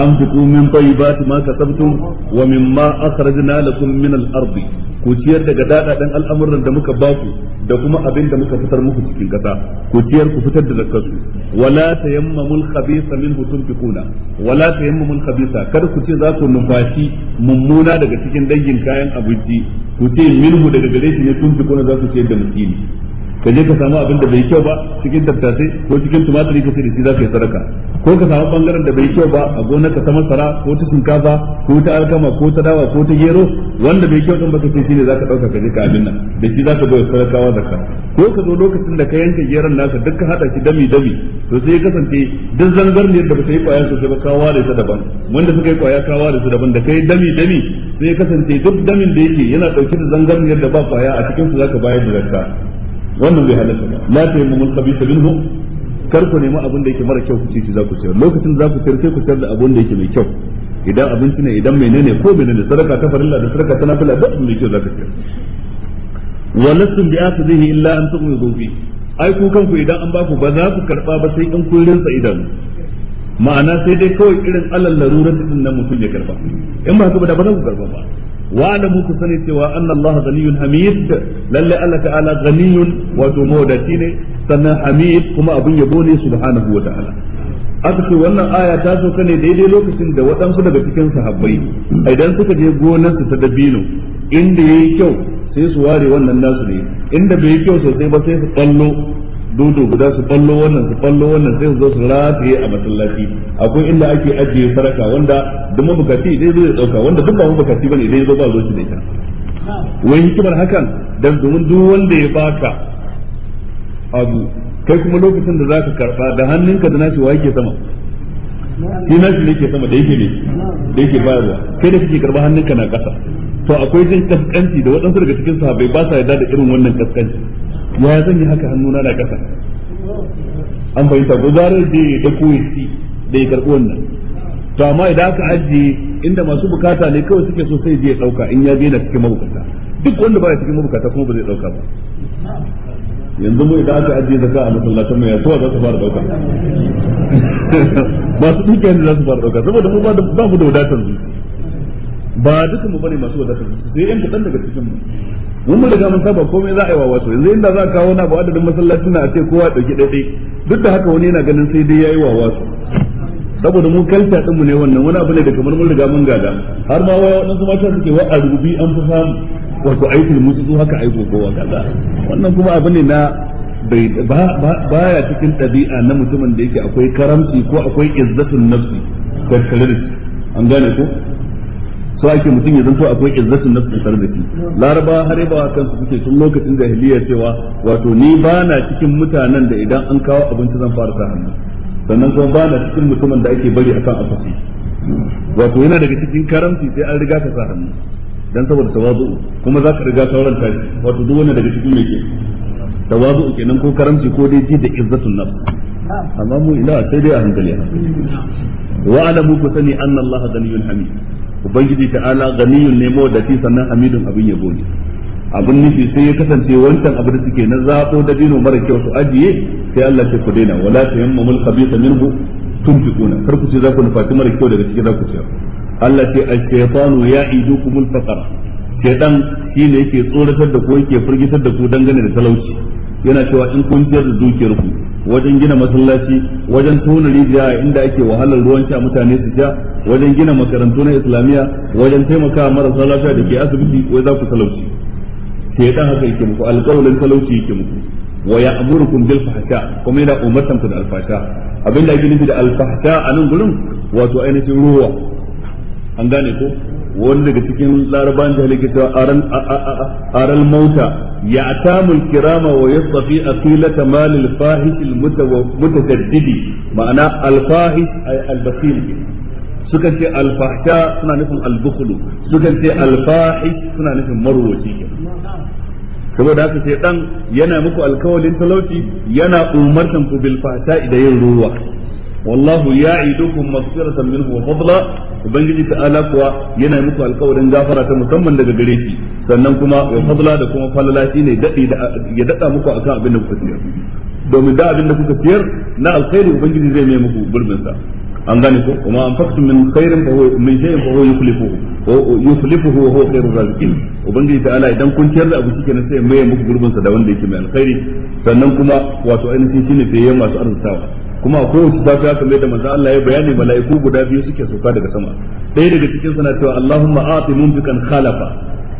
an fitu min tayyibati ma kasabtum wa mimma akhrajna lakum min al-ardi ku ciyar daga dadadan al'amuran da muka baku da kuma abin da muka fitar muku cikin kasa ku ciyar ku fitar da zakarsu wala tayammamul khabitha minhu tunfiquna wala tayammamul khabitha kada ku ce za ku numfashi mummuna daga cikin dangin kayan abinci ku ce minhu daga gare shi ne tunfiquna za ku ciyar da miskini ka je ka samu abin da bai kyau ba cikin tattasai ko cikin tumatiri ka ce da shi za ka yi sadaka ko ka samu bangaren da bai kyau ba a gonar ka ta masara ko ta shinkafa ko ta alkama ko ta dawa ko ta gero wanda bai kyau din baka ce shine zaka dauka ka je ka abin nan da shi za zaka bayar sadakawa zakka ko ka zo lokacin da ka yanka geron naka duk ka hada shi dami dami to sai ya kasance duk zangar ne da ta yi kwaya sosai ba kawa da ta daban wanda suka yi kwaya kawa da su daban da kai dami dami sai ya kasance duk damin da yake yana dauke da zangar ne da ba kwaya a cikin su zaka bayar da zakka wannan bai halatta ba la ta yammu mulka bisa minhu kar ku nemi abin da yake mara kyau ku ci shi za ku ciyar lokacin da za ku ciyar sai ku ciyar da abin da yake mai kyau idan abinci ne idan menene ko menene sadaka ta farilla da sadaka ta nafila duk abin da yake za ka ciyar walastum bi akhdihi illa an tughmidu bi ai ku kanku idan an baku ba za ku karba ba sai in kun rinsa idanu ma'ana sai dai kawai irin alal larurati din nan mutum ya karba in ba haka ba da ba za ku karba ba wa muku ku sani cewa anna Allah ghaniyun hamid lalle Allah ta'ala ghaniyun wato mawadaci ne sannan hamid kuma abin yabo ne subhanahu wa ta'ala aka ce wannan aya ta sauka ne daidai lokacin da waɗansu daga cikin sahabbai idan suka je gonarsu ta dabino inda yi kyau sai su ware wannan nasu ne inda bai yi kyau sosai ba sai su kallo dodo guda su ballo wannan su ballo wannan sai su zo su rataye a masallaci akwai inda ake ajiye saraka wanda duk mabukaci dai zai dauka wanda duk ba mabukaci bane dai zo ba zo shi da ita wai hikimar hakan dan domin duk wanda ya baka abu kai kuma lokacin da zaka karba da hannunka da nashi wa yake sama shi nashi ne yake sama da yake ne da yake bayarwa kai da kake karba hannunka na kasa to akwai jin kaskanci da waɗansu daga cikin sahabbai ba sa yarda da irin wannan kaskanci ya zan yi haka hannuna na kasa an fahimta ko gara da ya dako ci da ya karɓi wannan to amma idan aka ajiye inda masu bukata ne kawai suke so sai je ya ɗauka in ya je na cikin mabukata duk wanda baya cikin mabukata kuma ba zai ɗauka ba yanzu mu idan aka ajiye zaka a masallacin mai ya suwa za su fara ɗauka masu dukiyar da za su fara ɗauka saboda mu ba mu da wadatar zuci ba duka mu bane masu wadatar zuci sai yan kaɗan daga cikin mu mun mun riga mun saba komai za a yi wa wato yanzu inda za ka kawo na ba adadin masallacin na a ce kowa dauki daidai duk da haka wani yana ganin sai dai yayi wa wato saboda mu kalta din mu ne wannan wani abu ne da kamar mun riga mun gada har ma waya ma ta suke wa a rubi an fi samu wato aikin musu haka aiko kowa kaza wannan kuma abu ne na bai ya cikin ɗabi'a na mutumin da yake akwai karamci ko akwai izzatun nafsi da kalirsi an gane ko so ake mutum ya zanto akwai izzatin nasu tare da shi laraba har ba kansu suke tun lokacin jahiliya cewa wato ni ba na cikin mutanen da idan an kawo abinci zan fara sa hannu sannan kuma ba na cikin mutumin da ake bari akan afasi wato yana daga cikin karamci sai an riga ka sa hannu dan saboda tawazu kuma za ka riga sauran tashi wato duk wanda daga cikin mai ke tawazu kenan ko karamci ko dai ji da izzatun nafs amma mu ila sai dai a hankali wa alamu ku sani anna allaha ganiyun hamid ubangiji ta'ala ganiyun ne ci sannan hamidun abin yabo ne abin nufi sai ya kasance wancan abin da suke na zaɓo da dino mara kyau su ajiye sai Allah ce ku daina wala mul khabitha minhu tunfiquna kar ku ce za ku nufaci mara kyau daga cikin za ku ce Allah ce ash-shaytanu ya'idukumul faqr shaytan shine yake tsoratar da ku yake firgitar da ku dangane da talauci yana cewa in kun ciyar da dukiyar ku wajen gina masallaci wajen tona rijiya inda ake wahalar ruwan sha mutane su sha wajen gina makarantu na islamiyya wajen taimakawa marasa lafiya da ke asibiti wai za ku talauci sai dan haka yake muku alƙawalin talauci yake muku wa ya'murukum bil fahsha kuma yana umartan ku da alfasha abinda ake nufi da alfahsha a nan gurin wato ainihin ruwa an gane ko wani daga cikin laraban jahilai ke cewa aral mauta ya atamul kirama wa ya yastafi aqilata malil fahish al mutashaddidi ma'ana al fahish ay al basil sukan ce alfahsha suna nufin albukhlu sukan ce alfahish suna nufin marwaci saboda haka sai dan yana muku alkawalin talauci yana umartan ku bil fahsha da yin ruwa wallahu ya'idukum maghfiratan minhu wa fadla ubangiji ta'ala kuwa yana muku alkawarin gafara ta musamman daga gare shi sannan kuma wa fadla da kuma falala shine dadi da ya dada muku akan abin da kuka siyar domin da abin da kuka siyar na alkhairi ubangiji zai mai muku gurbin sa an gane ko kuma an fakta min khairin fa huwa min shay'in fa huwa yukhlifuhu yukhlifuhu wa huwa khairur raziqin ubangiji ta'ala idan kun ciyar da abu shikenan sai mai muku gurbin sa da wanda yake mai alkhairi sannan kuma wato ainihin shine fiye masu arzikawa kuma a kowace safiya ka mai da manzo Allah ya bayani mala'iku guda biyu suke sauka daga sama ɗaya daga cikin suna cewa Allahumma a'ti munfiqan khalafa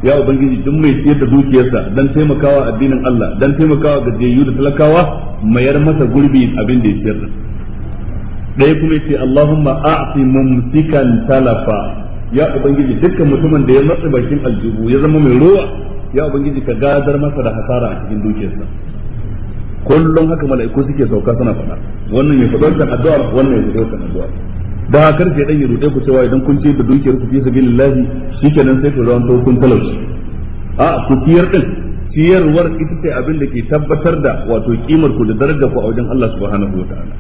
ya ubangiji duk mai ciyar da dukiyarsa dan taimakawa addinin Allah dan taimakawa gajiyayyu da talakawa mayar masa gurbi abin da ya ciyar da ɗaya kuma ce Allahumma a'ti mumsikan talafa ya ubangiji dukkan mutumin da ya matsa bakin aljihu ya zama mai ruwa ya ubangiji ka gadar masa da hasara a cikin dukiyarsa kullum haka mala'iku suke sauka suna faɗa wannan ya faɗo san addu'a wannan ya faɗo san addu'a da hakar sai dan ya rude ku cewa idan kun ce da dukiyar ku fi sabilillah shikenan sai ku ran to kun talauci a ku ciyar din ciyarwar ita ce abin da ke tabbatar da wato kimar ku da darajar ku a wajen Allah subhanahu wataala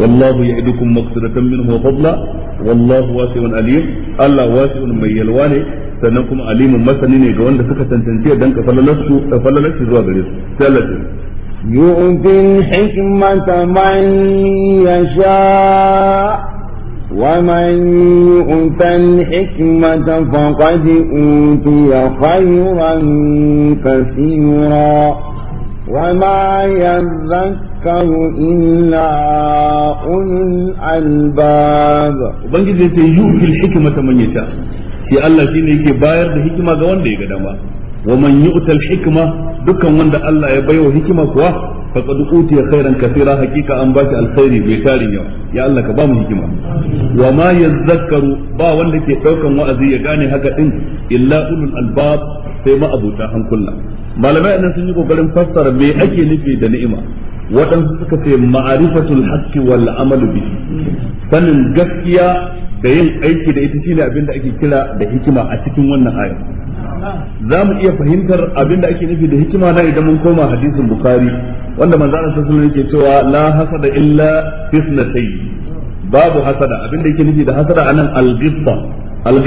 والله يعدكم مغفرة منه وفضلا والله واسع عليم الله واسع من يلواني sannan alimu masani ne ga wanda suka cancanci don ka fallalarsu da fallalarsu zuwa gare su tallace yu'tin hikmata man yasha wa man yu'tan hikmata faqad utiya khayran kaseera wa ma yadhakka kanu illa ulul albab ubangiji yace yufi alhikmata man yasha shi Allah ne yake bayar da hikima ga wanda ya ga dama wa man hikima hikma dukkan wanda Allah ya bai wa hikima kuwa faqad uti khairan kathira hakika an bashi alkhairi bai tarin yawa ya Allah ka ba hikima wa ma yadhakkaru ba wanda ke ɗaukan wa'azi ya gane haka din illa ulul albab sai ma'abuta hankula malamai nan sun yi kokarin fassara me ake nufi da ni'ima waɗansu suka ce ma'arifatul haqqi wal amalu bi sanin gaskiya da yin aiki da ita shine abin da ake kira da hikima a cikin wannan aya za mu iya fahimtar abin da ake nufi da hikima na idan mun koma hadisin bukari wanda manzo Allah sallallahu cewa la hasada illa fitnatai. babu hasada abin da yake nufi da hasada anan al-ghibta al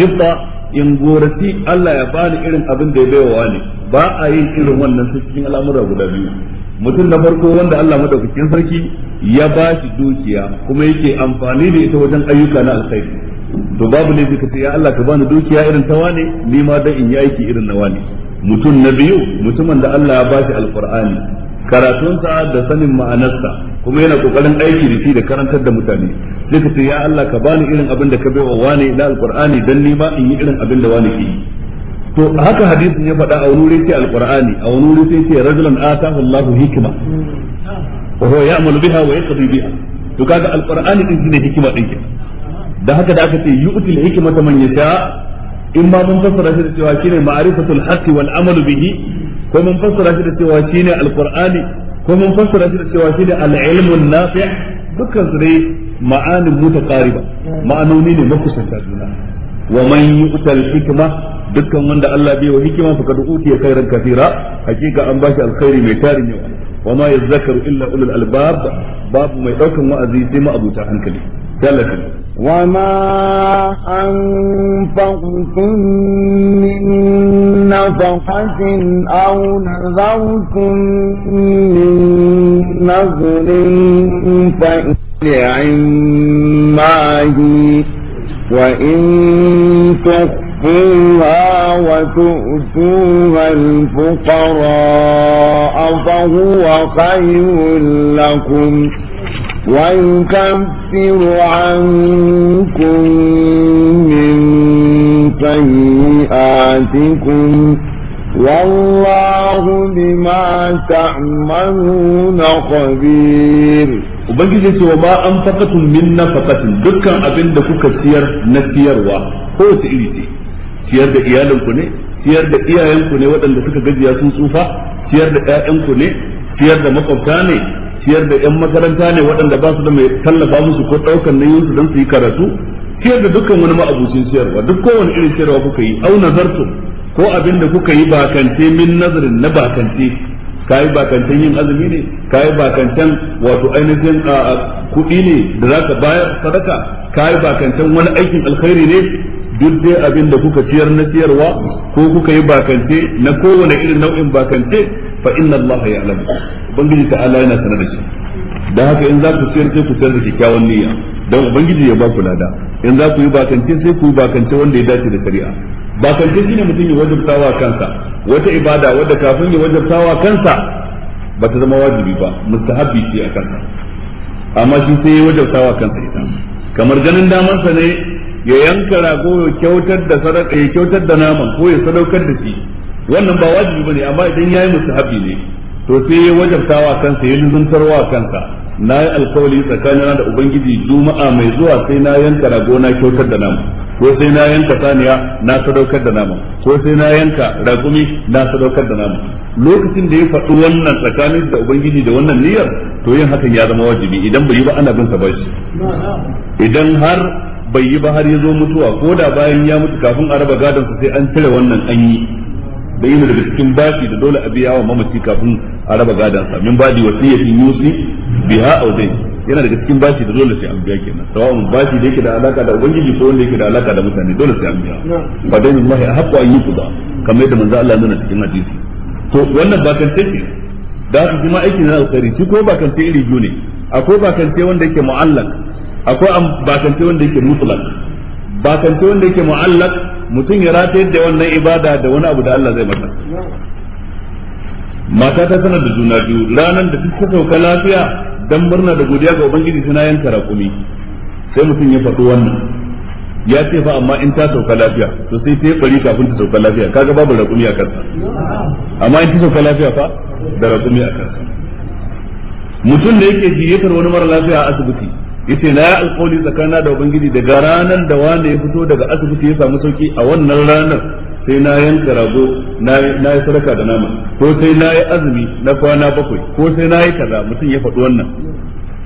in goraci Allah ya bani irin abin da ya wa ne ba a yin irin wannan sai cikin al'amura guda biyu mutum na farko wanda Allah madaukakin sarki ya ba shi dukiya kuma yake amfani da ita wajen ayyuka na alkhairi to babu ne zai ce ya Allah ka bani dukiya irin ta wane ni ma dan in yi aiki irin na wane mutum na biyu mutumin da Allah ya ba shi alqur'ani karatunsa da sanin ma'anarsa kuma yana kokarin aiki da shi da karantar da mutane sai ka ce ya Allah ka bani irin abin da ka baiwa wani na alqur'ani dan ni ma in yi irin abin da wani ke yi to haka hadisin ya faɗa a wani ce alqur'ani a wani wuri sai ce rajulan atahu Allahu hikma wa huwa ya'malu biha wa yaqdi biha to kaga alqur'ani din shine hikima din ke da haka da aka ce yu'til hikmata man yasha in ma mun fassara shi da cewa shine ma'rifatul haqqi wal amalu bihi ko mun fassara shi da cewa shine alqur'ani ko mun fassara shi da cewa shine al-ilmun nafi' dukkan su dai ma'anin mutaqariba ma'anoni ne makusanta juna wa man yu'tal hikma dukkan wanda Allah bai wa hikima fa kad utiya khairan kathira hakika an bashi alkhairi mai tarin yawa wa ma yadhakkaru illa ulul albab babu mai daukan wa'azi sai ma abuta hankali sallallahu وما أنفقتم من نفقة أو نذرتم من نذر فإن فإنعماه وإن تخفوها وتؤتوها الفقراء فهو خير لكم ويكفر يكفر عنكم من سيئاتكم والله بما ma an fakatun min nafaqatin dukkan abin kuka siyar na siyarwa ko su iri siyar da iyalinku ne siyar da iyayenku ne waɗanda suka gajiya sun tsufa siyar da ƴaƴanku ne siyar da makwabta ne ciyar da yan makaranta ne waɗanda ba su da mai tallafa musu ko ɗaukar nayin su don su yi karatu ciyar da dukkan wani ma'abucin ciyarwa duk kowane irin ciyarwa kuka yi au nazartum ko abin da kuka yi bakance min nazarin na bakance kayi bakancen yin azumi ne kayi bakancen wato ainihin kuɗi ne da zaka bayar sadaka kayi bakancen wani aikin alkhairi ne duk dai abin da kuka ciyar na ciyarwa ko kuka yi bakance na kowane irin nau'in bakance fa inna Allah ya alamu ubangiji ta'ala yana sanar da shi dan haka in za ku ciyar sai ku ciyar da kyakkyawan niyya dan ubangiji ya ba ku lada in za ku yi bakance sai ku yi bakance wanda ya dace da shari'a bakance shine mutum ya wajabtawa kansa wata ibada wadda kafin ya wajabtawa kansa ba ta zama wajibi ba mustahabbi ce a kansa amma shi sai ya wajabtawa kansa ita kamar ganin damansa ne ya yanka rago ya kyautar da sadaka ya kyautar da naman ko ya sadaukar da shi wannan ba wajibi bane amma idan yayi mustahabi ne to sai ya wajabta wa kansa ya wa kansa na yi alkawali tsakanina da ubangiji juma'a mai zuwa sai na yanka rago na kyautar da namu ko sai na yanka saniya na sadaukar da nama ko sai na yanka raƙumi na sadaukar da nama lokacin da ya faɗi wannan tsakanin da ubangiji da wannan niyyar to yin hakan ya zama wajibi idan bai yi ba ana bin sa bashi idan har bai yi ba har ya zo mutuwa ko da bayan ya mutu kafin a raba gadon sa sai an cire wannan an yi da yana daga cikin bashi da dole a biya wa mamaci kafin a raba gadansa min badi wasiyatin yusi biha aw dayn yana daga cikin bashi da dole sai an biya kenan sawa'un bashi da yake da alaka da ubangiji ko wanda yake da alaka da mutane dole sai an biya fa dayn Allah ya haƙƙo an yuqda kamar yadda manzo Allah nuna cikin hadisi to wannan ba ce da haka shi ma aiki na alkhairi shi ko ba ce iri biyu ne akwai ba ce wanda yake mu'allaq akwai ba kan ce wanda yake mutlaq ba ce wanda yake mu'allaq mutum ya rata da wannan ibada da wani abu da Allah zai masa mata ta sanar da juna biyu ranar da ta sauka lafiya dan murna da godiya ga ubangiji suna yanka rakumi sai mutum ya faɗo wannan ya ce fa amma in ta sauka lafiya to sai ta yi bari kafin ta sauka lafiya kaga babu rakumi a kansa amma in ta sauka lafiya fa da rakumi a kansa mutum da yake jiyatar wani mara lafiya a asibiti yace na ya alƙawari tsakanina da ubangiji daga ranar da wanda ya fito daga asibiti ya samu sauki a wannan ranar sai na yanka rago na yi sadaka da nama ko sai na yi azumi na kwana bakwai ko sai na yi kaza mutum ya faɗi wannan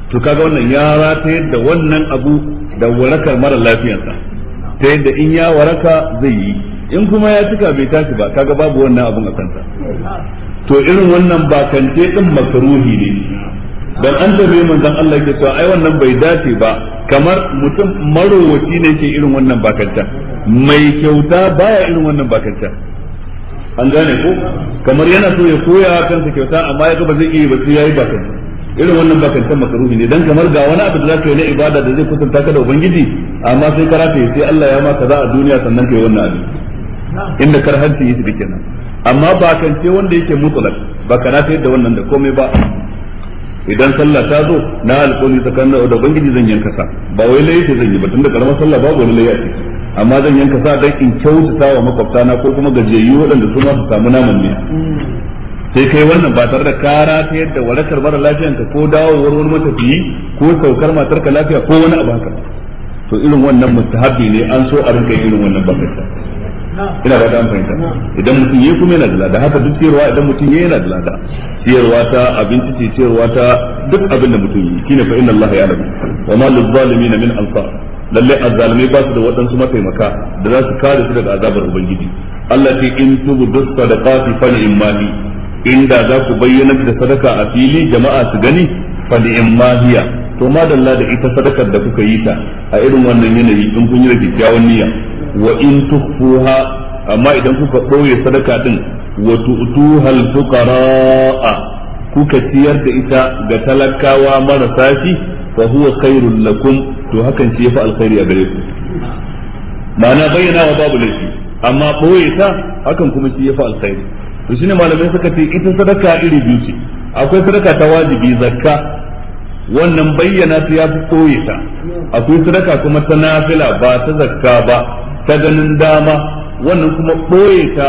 to kaga wannan ya rata yadda wannan abu da warakar mara lafiyarsa ta yadda in ya waraka zai yi in kuma ya cika bai tashi ba kaga babu wannan abun a kansa to irin wannan bakance din makaruhi ne dan an tambaye manzon Allah yake cewa ai wannan bai dace ba kamar mutum marowaci ne ke irin wannan bakanta mai kyauta baya irin wannan bakanta an gane ko kamar yana so ya koya kansa kyauta amma ya ba zai iya ba sai yayi bakanta irin wannan bakanta makaruhi ne dan kamar ga wani abu da zaka yi na ibada da zai kusanta ka da ubangiji amma sai karata sai Allah ya maka za a duniya sannan kai wannan abu inda karhanci yi shi kenan amma bakance wanda yake mutlak ba ta yadda wannan da komai ba idan sallah ta zo na alƙawari tsakanin da ubangiji zan yanka sa ba wai laye ce zan yi ba tunda karamar sallah babu wani laye ce amma zan yanka sa dan in kyautata wa makwabta na ko kuma gajiyayyu waɗanda su ma su samu naman ne. sai kai wannan ba tare da kara ta yadda warakar mara ka ko dawowar wani matafiyi ko saukar matarka lafiya ko wani abu haka to irin wannan mustahabi ne an so a rinka irin wannan bakata ina da da fahimta idan mutum yayi kuma yana da lada haka duk ciyarwa idan mutum yayi yana da lada ciyarwa ta abinci ce ciyarwa ta duk abin da mutum yi shine fa inna Allah ya'lamu wa ma lizzalimina min ansar lalle azzalimai ba su da waɗansu mataimaka da za su kare su daga azabar ubangiji Allah ce in tubu sadaqati fa ni'mahi inda za ku bayyana da sadaka a fili jama'a su gani fa ni'mahiya to madalla da ita sadakar da kuka yi ta a irin wannan yanayi in kun yi da kyakkyawan niyya wa in tukhuha amma idan kuka boye sadaka din wa tu'tuhal fuqara'a kuka ciyar da ita ga talakawa marasa shi fa huwa khairul lakum to hakan shi yafi alkhairi a gare ku ma'ana bayyana wa babu laifi amma boye ta hakan kuma shi yafi alkhairi to shine malamai suka ce ita sadaka iri biyu ce akwai sadaka ta wajibi zakka wannan bayyana ta ya fi koyi ta akwai sadaka kuma ta nafila ba ta zakka ba ta ganin dama wannan kuma ɓoye ta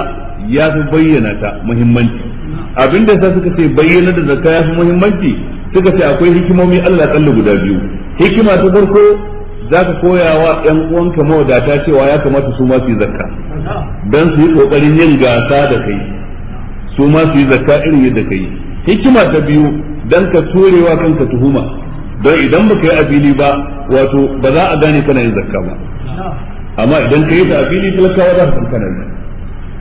ya fi bayyana ta muhimmanci abinda sa suka ce bayyana da zakka ya fi muhimmanci suka ce akwai hikimomi Allah kalli guda biyu hikima ta farko zaka koya wa 'yan uwanka mawadata cewa ya kamata su ma su zakka dan su yi kokarin yin gasa da kai su ma su zakka irin yadda kai hikima ta biyu dan ka turewa kanka tuhuma don idan baka yi abili ba wato ba za a gane kana yin zakka ba amma idan ka yi ta abili talakawa za ka kana yi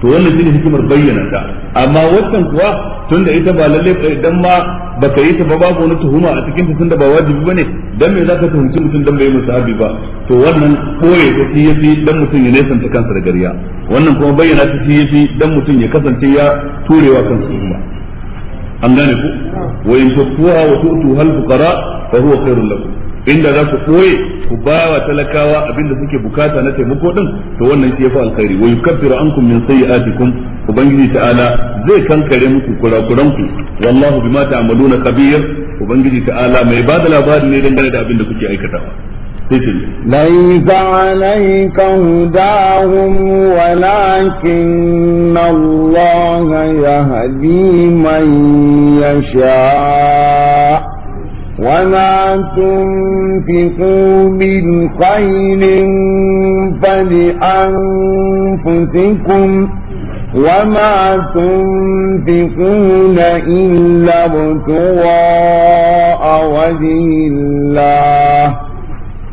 to wannan shine hikimar bayyana ta amma wannan kuwa tunda ita ba lalle idan ma baka yi ta ba babu wani tuhuma a cikin ta tunda ba wajibi bane dan me zaka tuhunci mutum dan bai masa habi ba to wannan koye ta shi yafi dan mutum ya nesanta kansa da gariya wannan kuma bayyana ta shi yafi dan mutum ya kasance ya turewa kansa tuhuma an gane ku wa in tukfuha wa tu'tu hal fuqara fa huwa khairul lakum inda za ku koye ku ba wa talakawa abinda suke bukata na taimako din to wannan shi yafi alkhairi wa yukaffiru ankum min sayi'atikum ubangiji ta'ala zai kankare muku kurakuranku wallahu bima ta'maluna kabir ubangiji ta'ala mai bada labari ne dangane da abinda kuke aikatawa ليس عليك هداهم ولكن الله يهدي من يشاء وما تنفقوا من خير فلأنفسكم وما تنفقون إلا ابتغاء وجه الله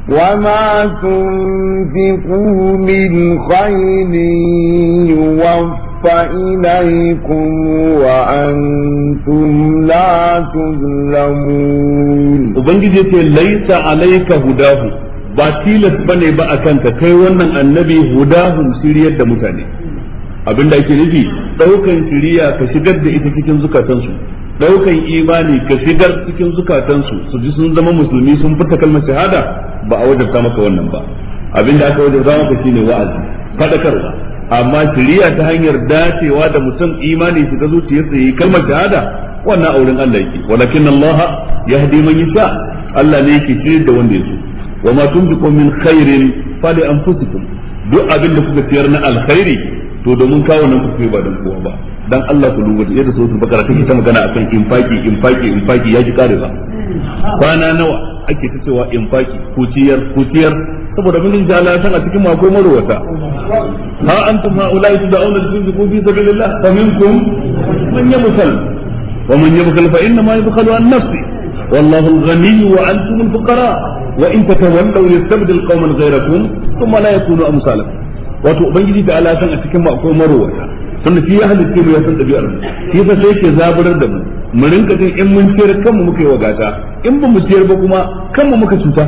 وما تنفقوا من خير يوفى إليكم وأنتم لا تظلمون وبنجي ليس عليك هداه باتيلس بني بأكانك كي ونن النبي هداه سيريا دمتاني abin da ake nufi daukan shiriya ka shigar da ita cikin zukatansu daukan imani ka shigar cikin zukatansu su ji sun zama musulmi sun fita kalmar shahada ba a wajabta maka wannan ba abinda aka wajabta maka shine wa'azi fadakarwa amma shari'a ta hanyar dacewa da mutum imani shi ta zuciyarsa yi kalmar shahada wannan auren Allah yake walakin Allah yahdi man yasha Allah ne yake shirye da wanda yaso wa ma tunfiqu min khairin fali anfusikum duk abin da kuka ciyar na alkhairi to domin kawo nan kuke ba dan kowa ba dan Allah ku lura yadda suratul bakara take ta magana akan infaki infaki infaki ya ji karewa kwana nawa ake ta cewa in faki kuciyar kuciyar saboda mun ja la a cikin mako marwata ha antum haula'i da litunfiqu fi sabilillah fa minkum man yabkhal wa man yabkhal fa inna ma yabkhalu an nafsi wallahu al-ghani wa antum al-fuqara wa in tatawallaw yastabdil qauman ghayrakum thumma la yakunu amsalakum wato ubangiji ta ala a cikin mako marwata tunda shi ya halitta mu ya san dabi'ar mu shi sai ke zaburar da mu mu rinka jin in mun ciyar kanmu muka yi wa gata in ba mu ciyar ba kuma kanmu muka cuta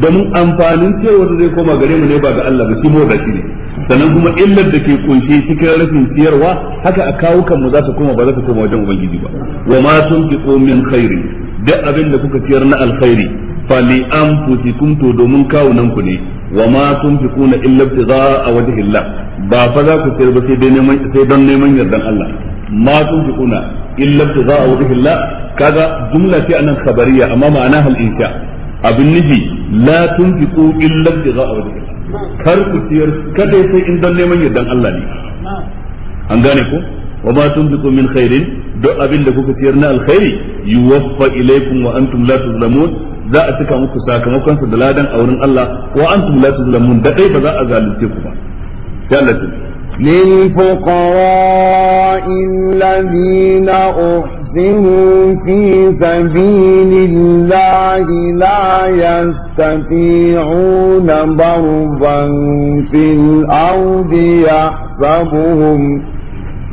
domin amfanin wata zai koma gare mu ne ba ga Allah ba shi mu gashi ne sannan kuma illar da ke kunshe cikin rashin ciyarwa haka a kawo kanmu za ta koma ba za ta koma wajen ubangiji ba wa ma tunfiqu min khairi duk abin da kuka ciyar na alkhairi fali anfusikum to domin kawunan ku ne wa ma kuna illa ibtigha'a wajhillah ba fa za ku ciyar ba sai dai neman sai don neman yardan Allah ma kuna illa ibtiza'a wajhillah kaga jumla ce anan khabariya amma ma'ana hal insha abin nufi la tunfiqu illa ibtiza'a wajhillah kar ku ciyar kada sai in dan neman yardan Allah ne an gane ko wa ma tunfiqu min khairin duk abin da kuka ciyar na alkhairi yuwaffa ilaykum wa antum la tuzlamun za a cika muku sakamakon sa da ladan a wurin Allah wa antum la tuzlamun da dai ba za a zalunce ku ba sai Allah ce للفقراء الذين أحسنوا في سبيل الله لا يستطيعون ضربا في الأرض يحسبهم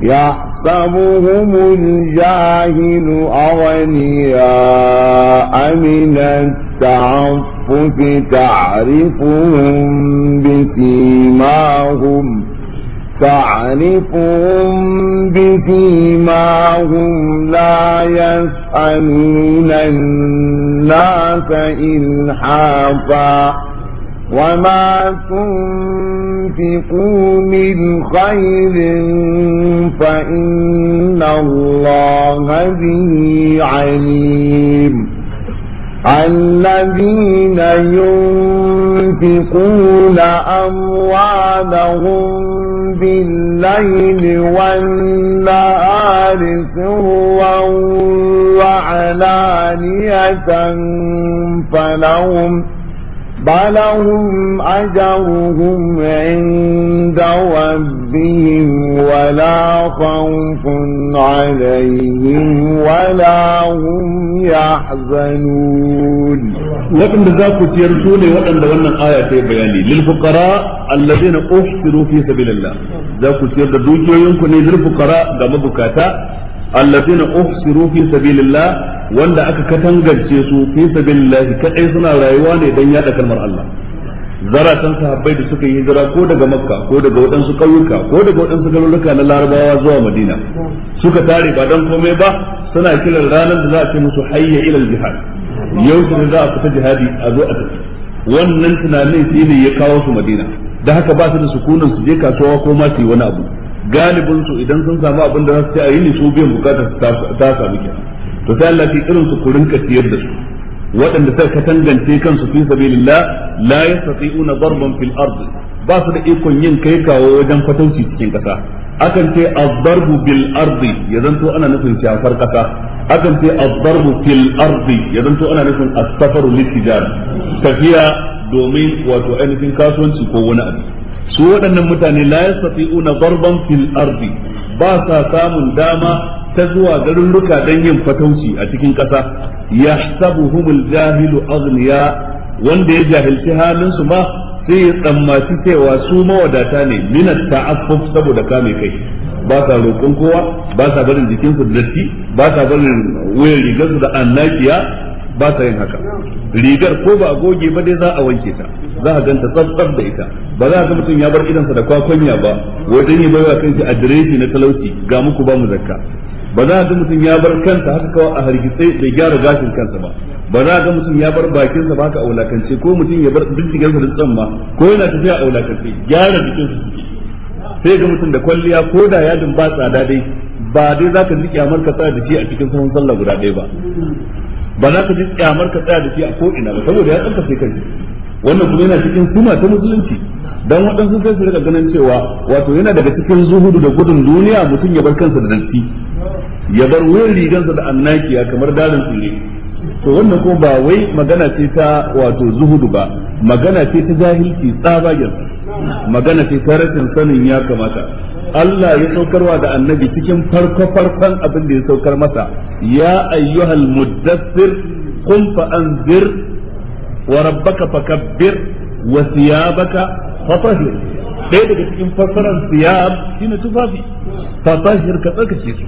يحسبهم الجاهل أغنياء من التعفف تعرفهم بسيماهم تعرفهم بسيماهم لا يسألون الناس إلحافا وما تنفقوا من خير فإن الله به عليم الذين ينفقون أموالهم بالليل والنهار سرا وعلانية فلهم بلهم أجرهم عند ربهم ولا خوف عليهم ولا هم يحزنون لكن ذاك سيرسوني وأن دولنا آية بياني للفقراء الذين أحسروا في سبيل الله ذاك سيرد دوكيو ينكني للفقراء دمبكاتا allazina uhsiru fi sabilillah wanda aka katangance su fi sabilillah kadai suna rayuwa ne dan yada kalmar Allah zaratan sahabbai da suka yi hijira ko daga makka ko daga waɗansu ƙauyuka ko daga waɗansu garuruka na larabawa zuwa madina suka tare ba dan komai ba suna kiran ranar da za a ce musu hayya ilal jihad yau su za a fita jihadi a zo a tafi wannan tunanin sai ne ya kawo su madina da haka ba su da sukunan su je kasuwa ko ma su yi wani abu galibin su idan sun samu abin da za su ci a yi ne su biyan bukatar su ta samu kenan to sai Allah irin su ku rinka ciyar da su waɗanda suka katangance kansu fi sabilillah la yastati'una darban fil ard ba su da ikon yin kai kawo wajen fatauci cikin ƙasa akan ce ad bil ardi ya zanto ana nufin shafar ƙasa akan ce ad-darbu fil ardi ya zanto ana nufin as-safaru tafiya domin wato ainihin kasuwanci ko wani abu su waɗannan mutane la yastati'una darban fil ardi ba sa samun dama ta zuwa garuruka don yin fatauci a cikin ƙasa ya sabuhumul jahilu aghniya wanda ya jahilci halinsu ma sai ya tsammaci cewa su mawadata ne minat ta'affuf saboda kame kai ba sa roƙon kowa ba sa barin jikinsu da datti ba sa barin wayar rigarsu da annakiya ba sa yin haka rigar ko ba goge ba dai za a wanke ta za a ganta tsabtsab da ita ba za a ga mutum ya bar idansa da kwakwanya ba wajen yi baiwa kanshi adireshi na talauci ga muku ba mu zakka ba za a ga mutum ya bar kansa haka kawai a hargitse bai gyara gashin kansa ba ba za a ga mutum ya bar bakinsa ba haka a wulakance ko mutum ya bar diddigarsa da ma ko yana tafiya a wulakance gyara su suke sai ga mutum da kwalliya ko da yadin ba tsada dai ba dai za ka ji kyamar ka tsaya da shi a cikin sahun sallah guda ɗaya ba ba za ka ji kyamar ka tsaya da shi a ko'ina ba saboda ya tsarka sai wannan kuma yana cikin suna ta musulunci dan waɗansu sai su rika ganin cewa wato yana daga cikin zuhudu da gudun duniya mutum ya bar kansa da datti ya bar wuyan rigansa da annakiya kamar dalin tsire to wannan kuma ba wai magana ce ta wato zuhudu ba magana ce ta jahilci tsabagensa magana ce ta rashin sanin ya kamata Allah ya saukarwa da annabi cikin farko farkon abin da ya saukar masa ya ayyuhal muddathir qum fa anzir wa rabbaka fakabbir wa thiyabaka fatahhir ɗaya daga cikin fassarar thiyab shine tufafi fatahhir ka tsarkace su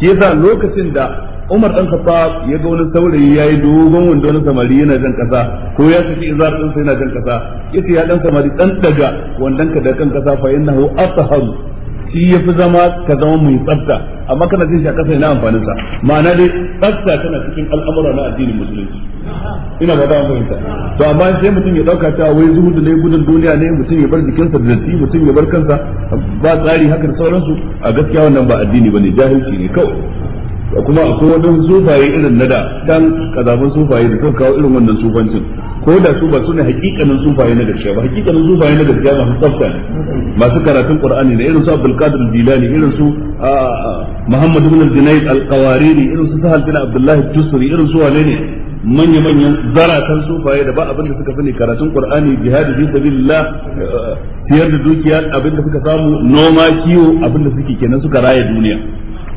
shi yasa lokacin da Umar ɗan kafa ya ga wani saurayi ya yi dogon wando na samari yana jan kasa ko ya saki izar din ɗansa yana jan kasa ce ya ɗan samari ɗan daga wandon ka da kan kasa fa innahu athhar shi fi zama ka zama mai tsafta amma kana jin shi a ƙasa yana amfanin sa ma'ana dai tsafta tana cikin al'amura na addinin musulunci ina ba da fahimta to amma sai mutum ya ɗauka cewa wai zuhudu ne gudun duniya ne mutum ya bar jikinsa da datti mutum ya bar kansa ba tsari haka da sauransu a gaskiya wannan ba addini ne jahilci ne kawai kuma akwai wadansu sufaye irin na can kazafin sufaye da suka kawo irin wannan sufancin ko da su ba su ne hakikanin sufaye na gaskiya ba hakikanin sufaye na gaskiya masu tsafta ne masu karatun qur'ani ne irin su abdul qadir jilani irin su muhammad ibn al-junayd al-qawariri irin su sahal bin abdullah tusri irin su wane ne manya manyan zaratan sufaye da ba abin da suka sani karatun qur'ani jihadi fi sabilillah eh, siyar da dukiya abin da suka samu noma kiwo abin da suke kenan suka raya duniya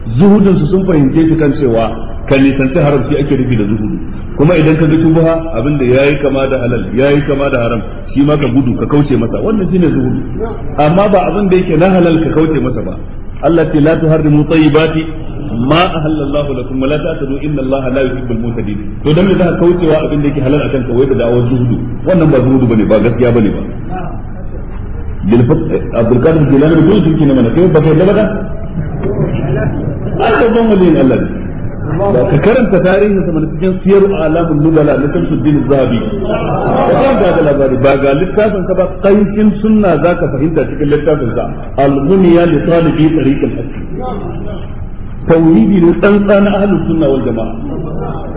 zuhudin su sun fahimce shi kan cewa ka nisanci haram ake rufi da zuhudu kuma idan ka ga shubha abin da yayi kama da halal yayi kama da haram shi ma ka gudu ka kauce masa wannan shine zuhudu amma ba abin da yake na halal ka kauce masa ba Allah ce la tuharrimu tayyibati ma ahallallahu lakum wa la ta'tadu inna Allah la yuhibbul mu'tadin to dan me zaka kaucewa abin da yake halal akan ka wai da da'awar zuhudu wannan ba zuhudu bane ba gaskiya bane ba Abdul Qadir Jilani da zuhudu kike ne mana kai ba kai da ba azabin waliyin Allah ne ka karanta tarihin sa mana cikin siyar alamun nubala na shamsuddin zabi ba ga da labari ba ga littafin sa ba kanshin sunna zaka fahimta cikin littafin sa al-munya li talibi tariqil haqq tauhidi ne dan tsana ahlus sunna wal jama'a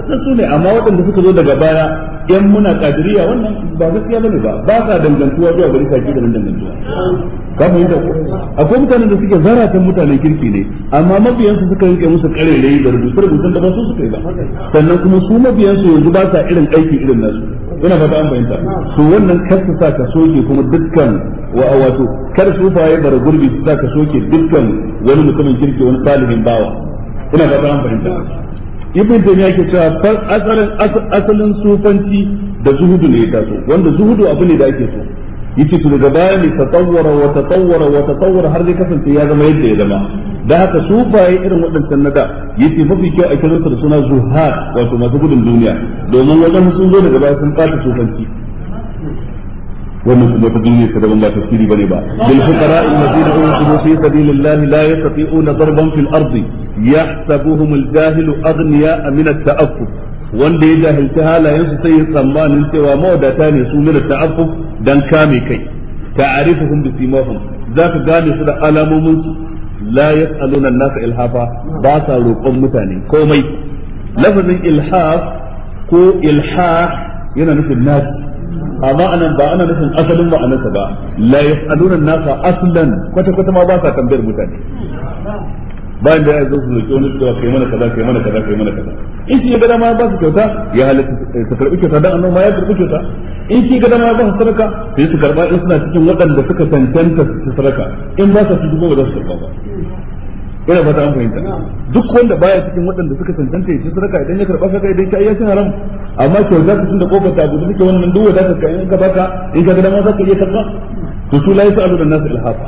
waɗannan su ne amma waɗanda suka zo daga baya yan muna kadiriya wannan ba gaskiya bane ba ba sa dangantuwa zuwa gari saki da dangantuwa ka mu ko akwai mutanen da suke zaratan mutanen kirki ne amma mabiyansu suka rike musu ne da rubuce rubucen da ba su suka yi ba sannan kuma su mabiyansu yanzu ba sa irin aiki irin nasu ina fata an fahimta to wannan kar su sa ka soke kuma dukkan wa wato kar su faye bar gurbi su sa ka soke dukkan wani mutumin kirki wani salihin bawa ina fata an fahimta ibn taymiya ke cewa asalin asalin sufanci da zuhudu ne ya taso wanda zuhudu abu ne da ake so yace to daga baya ne tatawwara wa tatawwara wa tatawwara har zai kasance ya zama yadda ya zama da haka sufaye irin waɗancan nada yace mafi kyau a sa da suna zuhad wato masu gudun duniya domin wajen sun zo daga baya sun fata sufanci wannan kuma ta duniya ta daban ba tafsiri bane ba bil fuqara alladhina unsibu fi sabilillahi la yastati'una darban fil ardi yahsabuhum al wanda ya jahilci su sai ya tsammanin cewa mawadata ne su min at ta'affuf dan kame kai ta'arifuhum bi simahum zaka gane su da alamomin su la yas'aluna an-nasa ilhafa ba sa roƙon mutane komai lafazin ilhaf ko ilha yana nufin nas amma anan ba ana nufin asalin ba anansa ba la yas'aluna nasa aslan kwata kwata ma ba sa tambayar mutane bayan da ya zo su ko wani cewa kai mana kaza kai mana kaza kai mana kaza in shi ga dama ba su kyauta ya halatta eh, su karbi kyauta dan annabi ma ya karbi kyauta in shi ga dama ba su sadaka sai su karba in suna cikin waɗanda suka cancanta su sadaka in ba su cikin ba za su karba ba ina fata an fahimta duk wanda baya cikin waɗanda suka cancanta ya ci sadaka idan ya karba sadaka idan ya ci haram amma kyauta ka tunda kofar ta da suke wannan duk wadata ka in ka baka in ka ga dama zaka iya karba to su la yasalu dan nasu ilhafa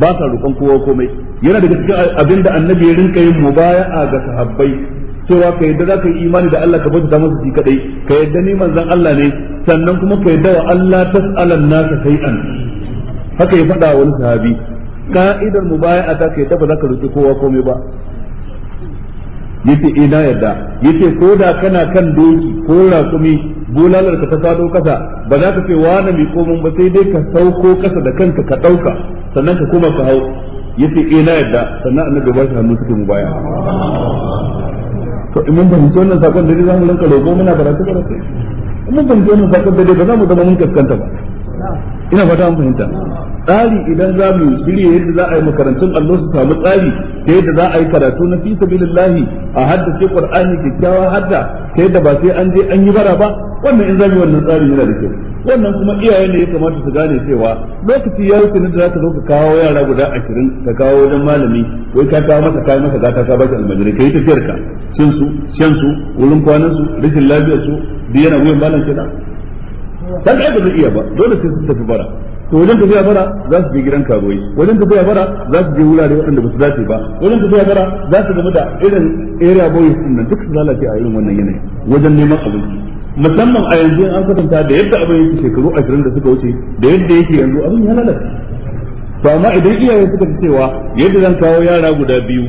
ba sa roƙon kowa komai yana daga cikin abin da annabi ya rinka yin mubaya'a ga sahabbai cewa ka yadda za ka yi imani da Allah ka bauta masa shi kadai ka yadda ni manzon Allah ne sannan kuma ka yadda wa Allah tas'alan naka shay'an haka ya faɗa wani sahabi ka'idar mubaya'a ta kai yadda ba za ka roƙi kowa komai ba yace eh na yarda yace ko da kana kan doki ko raƙumi bulalar ka ta fado kasa ba za ka ce wani mai komon ba sai dai ka sauko kasa da kanka ka ɗauka sannan ka koma ka hau yace eh na yarda sannan annabi ba bashi hannu suke mu baya to in mun fahimci wannan sakon da za mu rinka roƙo muna karatu karatu in mun fahimci wannan sakon da ba za mu zama mun kaskanta ba ina fata an fahimta tsari idan za mu shirye yadda za a yi makarantun allo su samu tsari ta yadda za a yi karatu na fi sabilillahi a haddace qur'ani kikkiawa hadda ta yadda ba sai an je an yi bara ba wannan in zamu wannan tsari yana da kyau wannan kuma iyaye ne ya kamata su gane cewa lokaci ya wuce ne da ka zo ka kawo yara guda ashirin, ka kawo wajen malami wai ka kawo masa kai masa gata ka bashi ka yi tafiyar ka cin su shan su wurin kwanan su rashin lafiyar su duk yana wuyan malam kenan dan da zai iya ba dole sai sun tafi bara to wajen tafiya bara za su je gidan karuwai wajen tafiya bara za su je wurare waɗanda ba su dace ba wajen tafiya bara za su gamu da irin area boys din nan duk su lalace a irin wannan yanayi wajen neman abinci musamman a yanzu an kwatanta da yadda abin yake shekaru ashirin da suka wuce da yadda yake yanzu abin ya lalace to amma idan iyaye suka fi cewa yadda zan kawo yara guda biyu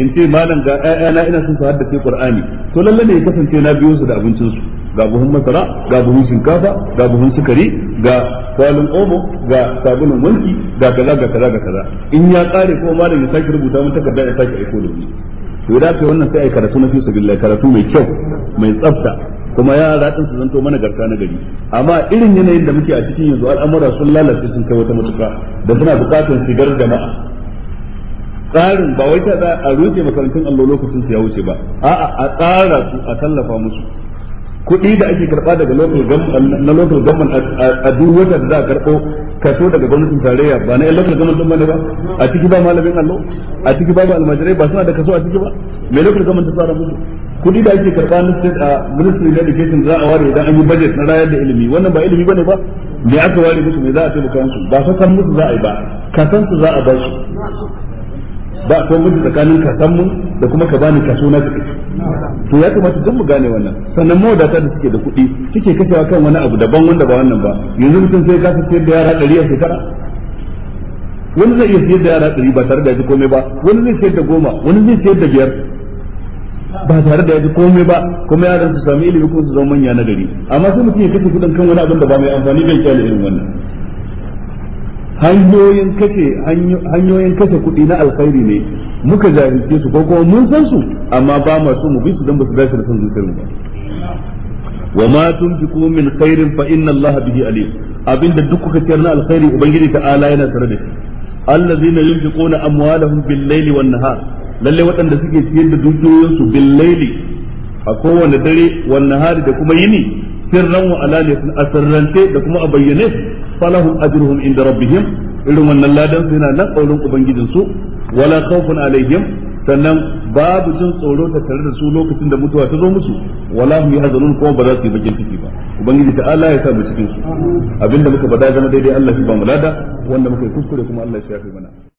in ce malam ga na ina son su haddace qur'ani to lalle ne ya kasance na biyo su da abincin su ga buhun masara ga buhun shinkafa ga buhun sukari ga kwalin omo ga sabulun wanki ga kaza ga kaza ga kaza in ya kare ko malam ya sake rubuta mun takarda ya sake aiko da ni to da ce wannan sai ai karatu na fi billahi karatu mai kyau mai tsafta kuma ya radin su zanto mana garka na gari amma irin yanayin da muke a cikin yanzu al'amura sun lalace sun kai wata matuka da suna bukatar shigar jama'a tsarin ba wai ta a rushe makarantun allo lokacin su ya wuce ba a'a a tsara su a tallafa musu kuɗi da ake karɓa daga local government na local government a duk wata da za a karɓo kaso daga gwamnatin tarayya ba na local government ba ne ba a ciki ba malamin allo a ciki ba almajirai ba suna da kaso a ciki ba me local government ta tsara musu kuɗi da ake karɓa na state a ministry na education za a ware idan an yi budget na rayar da ilimi wannan ba ilimi bane ba me aka ware musu me za a taimaka musu ba fa san musu za a yi ba kasan su za a ba su ba a tuwon musu tsakanin kasan mu da kuma ka bani kaso na cikin to ya kamata duk mu gane wannan sannan mu da suke da kuɗi suke kashewa kan wani abu daban wanda ba wannan ba yanzu mutum sai ka fitar da yara ɗari a shekara wani zai iya siyar da yara ɗari ba tare da ya ji komai ba wani zai siyar da goma wani zai siyar da biyar ba tare da ya ji komai ba kuma yaran su sami ilimi ko su zama manya na gari amma sai mutum ya kashe kuɗin kan wani abin da ba mai amfani bai kyale irin wannan hanyoyin kashe hanyoyin kashe kuɗi na alkhairi ne muka jahilce su ko kuma mun san su amma ba ma so mu bi su dan ba su dace da san zuciyar mu ba wa ma tunfiqu min khairin fa inna Allah bihi alim abinda duk kuka ciyar na alkhairi ubangiji ala yana tare da shi allazina yunfiquna amwalahum bil laili wan nahar lalle waɗanda suke ciyar da dukiyoyinsu bil laili a kowane dare wan nahari da kuma yini sirran wa alaniyatin a sirrance da kuma a bayyane falahum ajruhum inda rabbihim irin wannan ladan su yana nan kaurin ubangijin su wala khawfun alaihim sannan babu jin tsoro tattare da su lokacin da mutuwa ta zo musu wala hum yahzanun kuma ba za su yi bakin ciki ba ubangiji Allah ya sa mu cikin su abinda muka faɗa zama daidai Allah shi ba mu lada wanda muka yi kuskure kuma Allah shi ya kai mana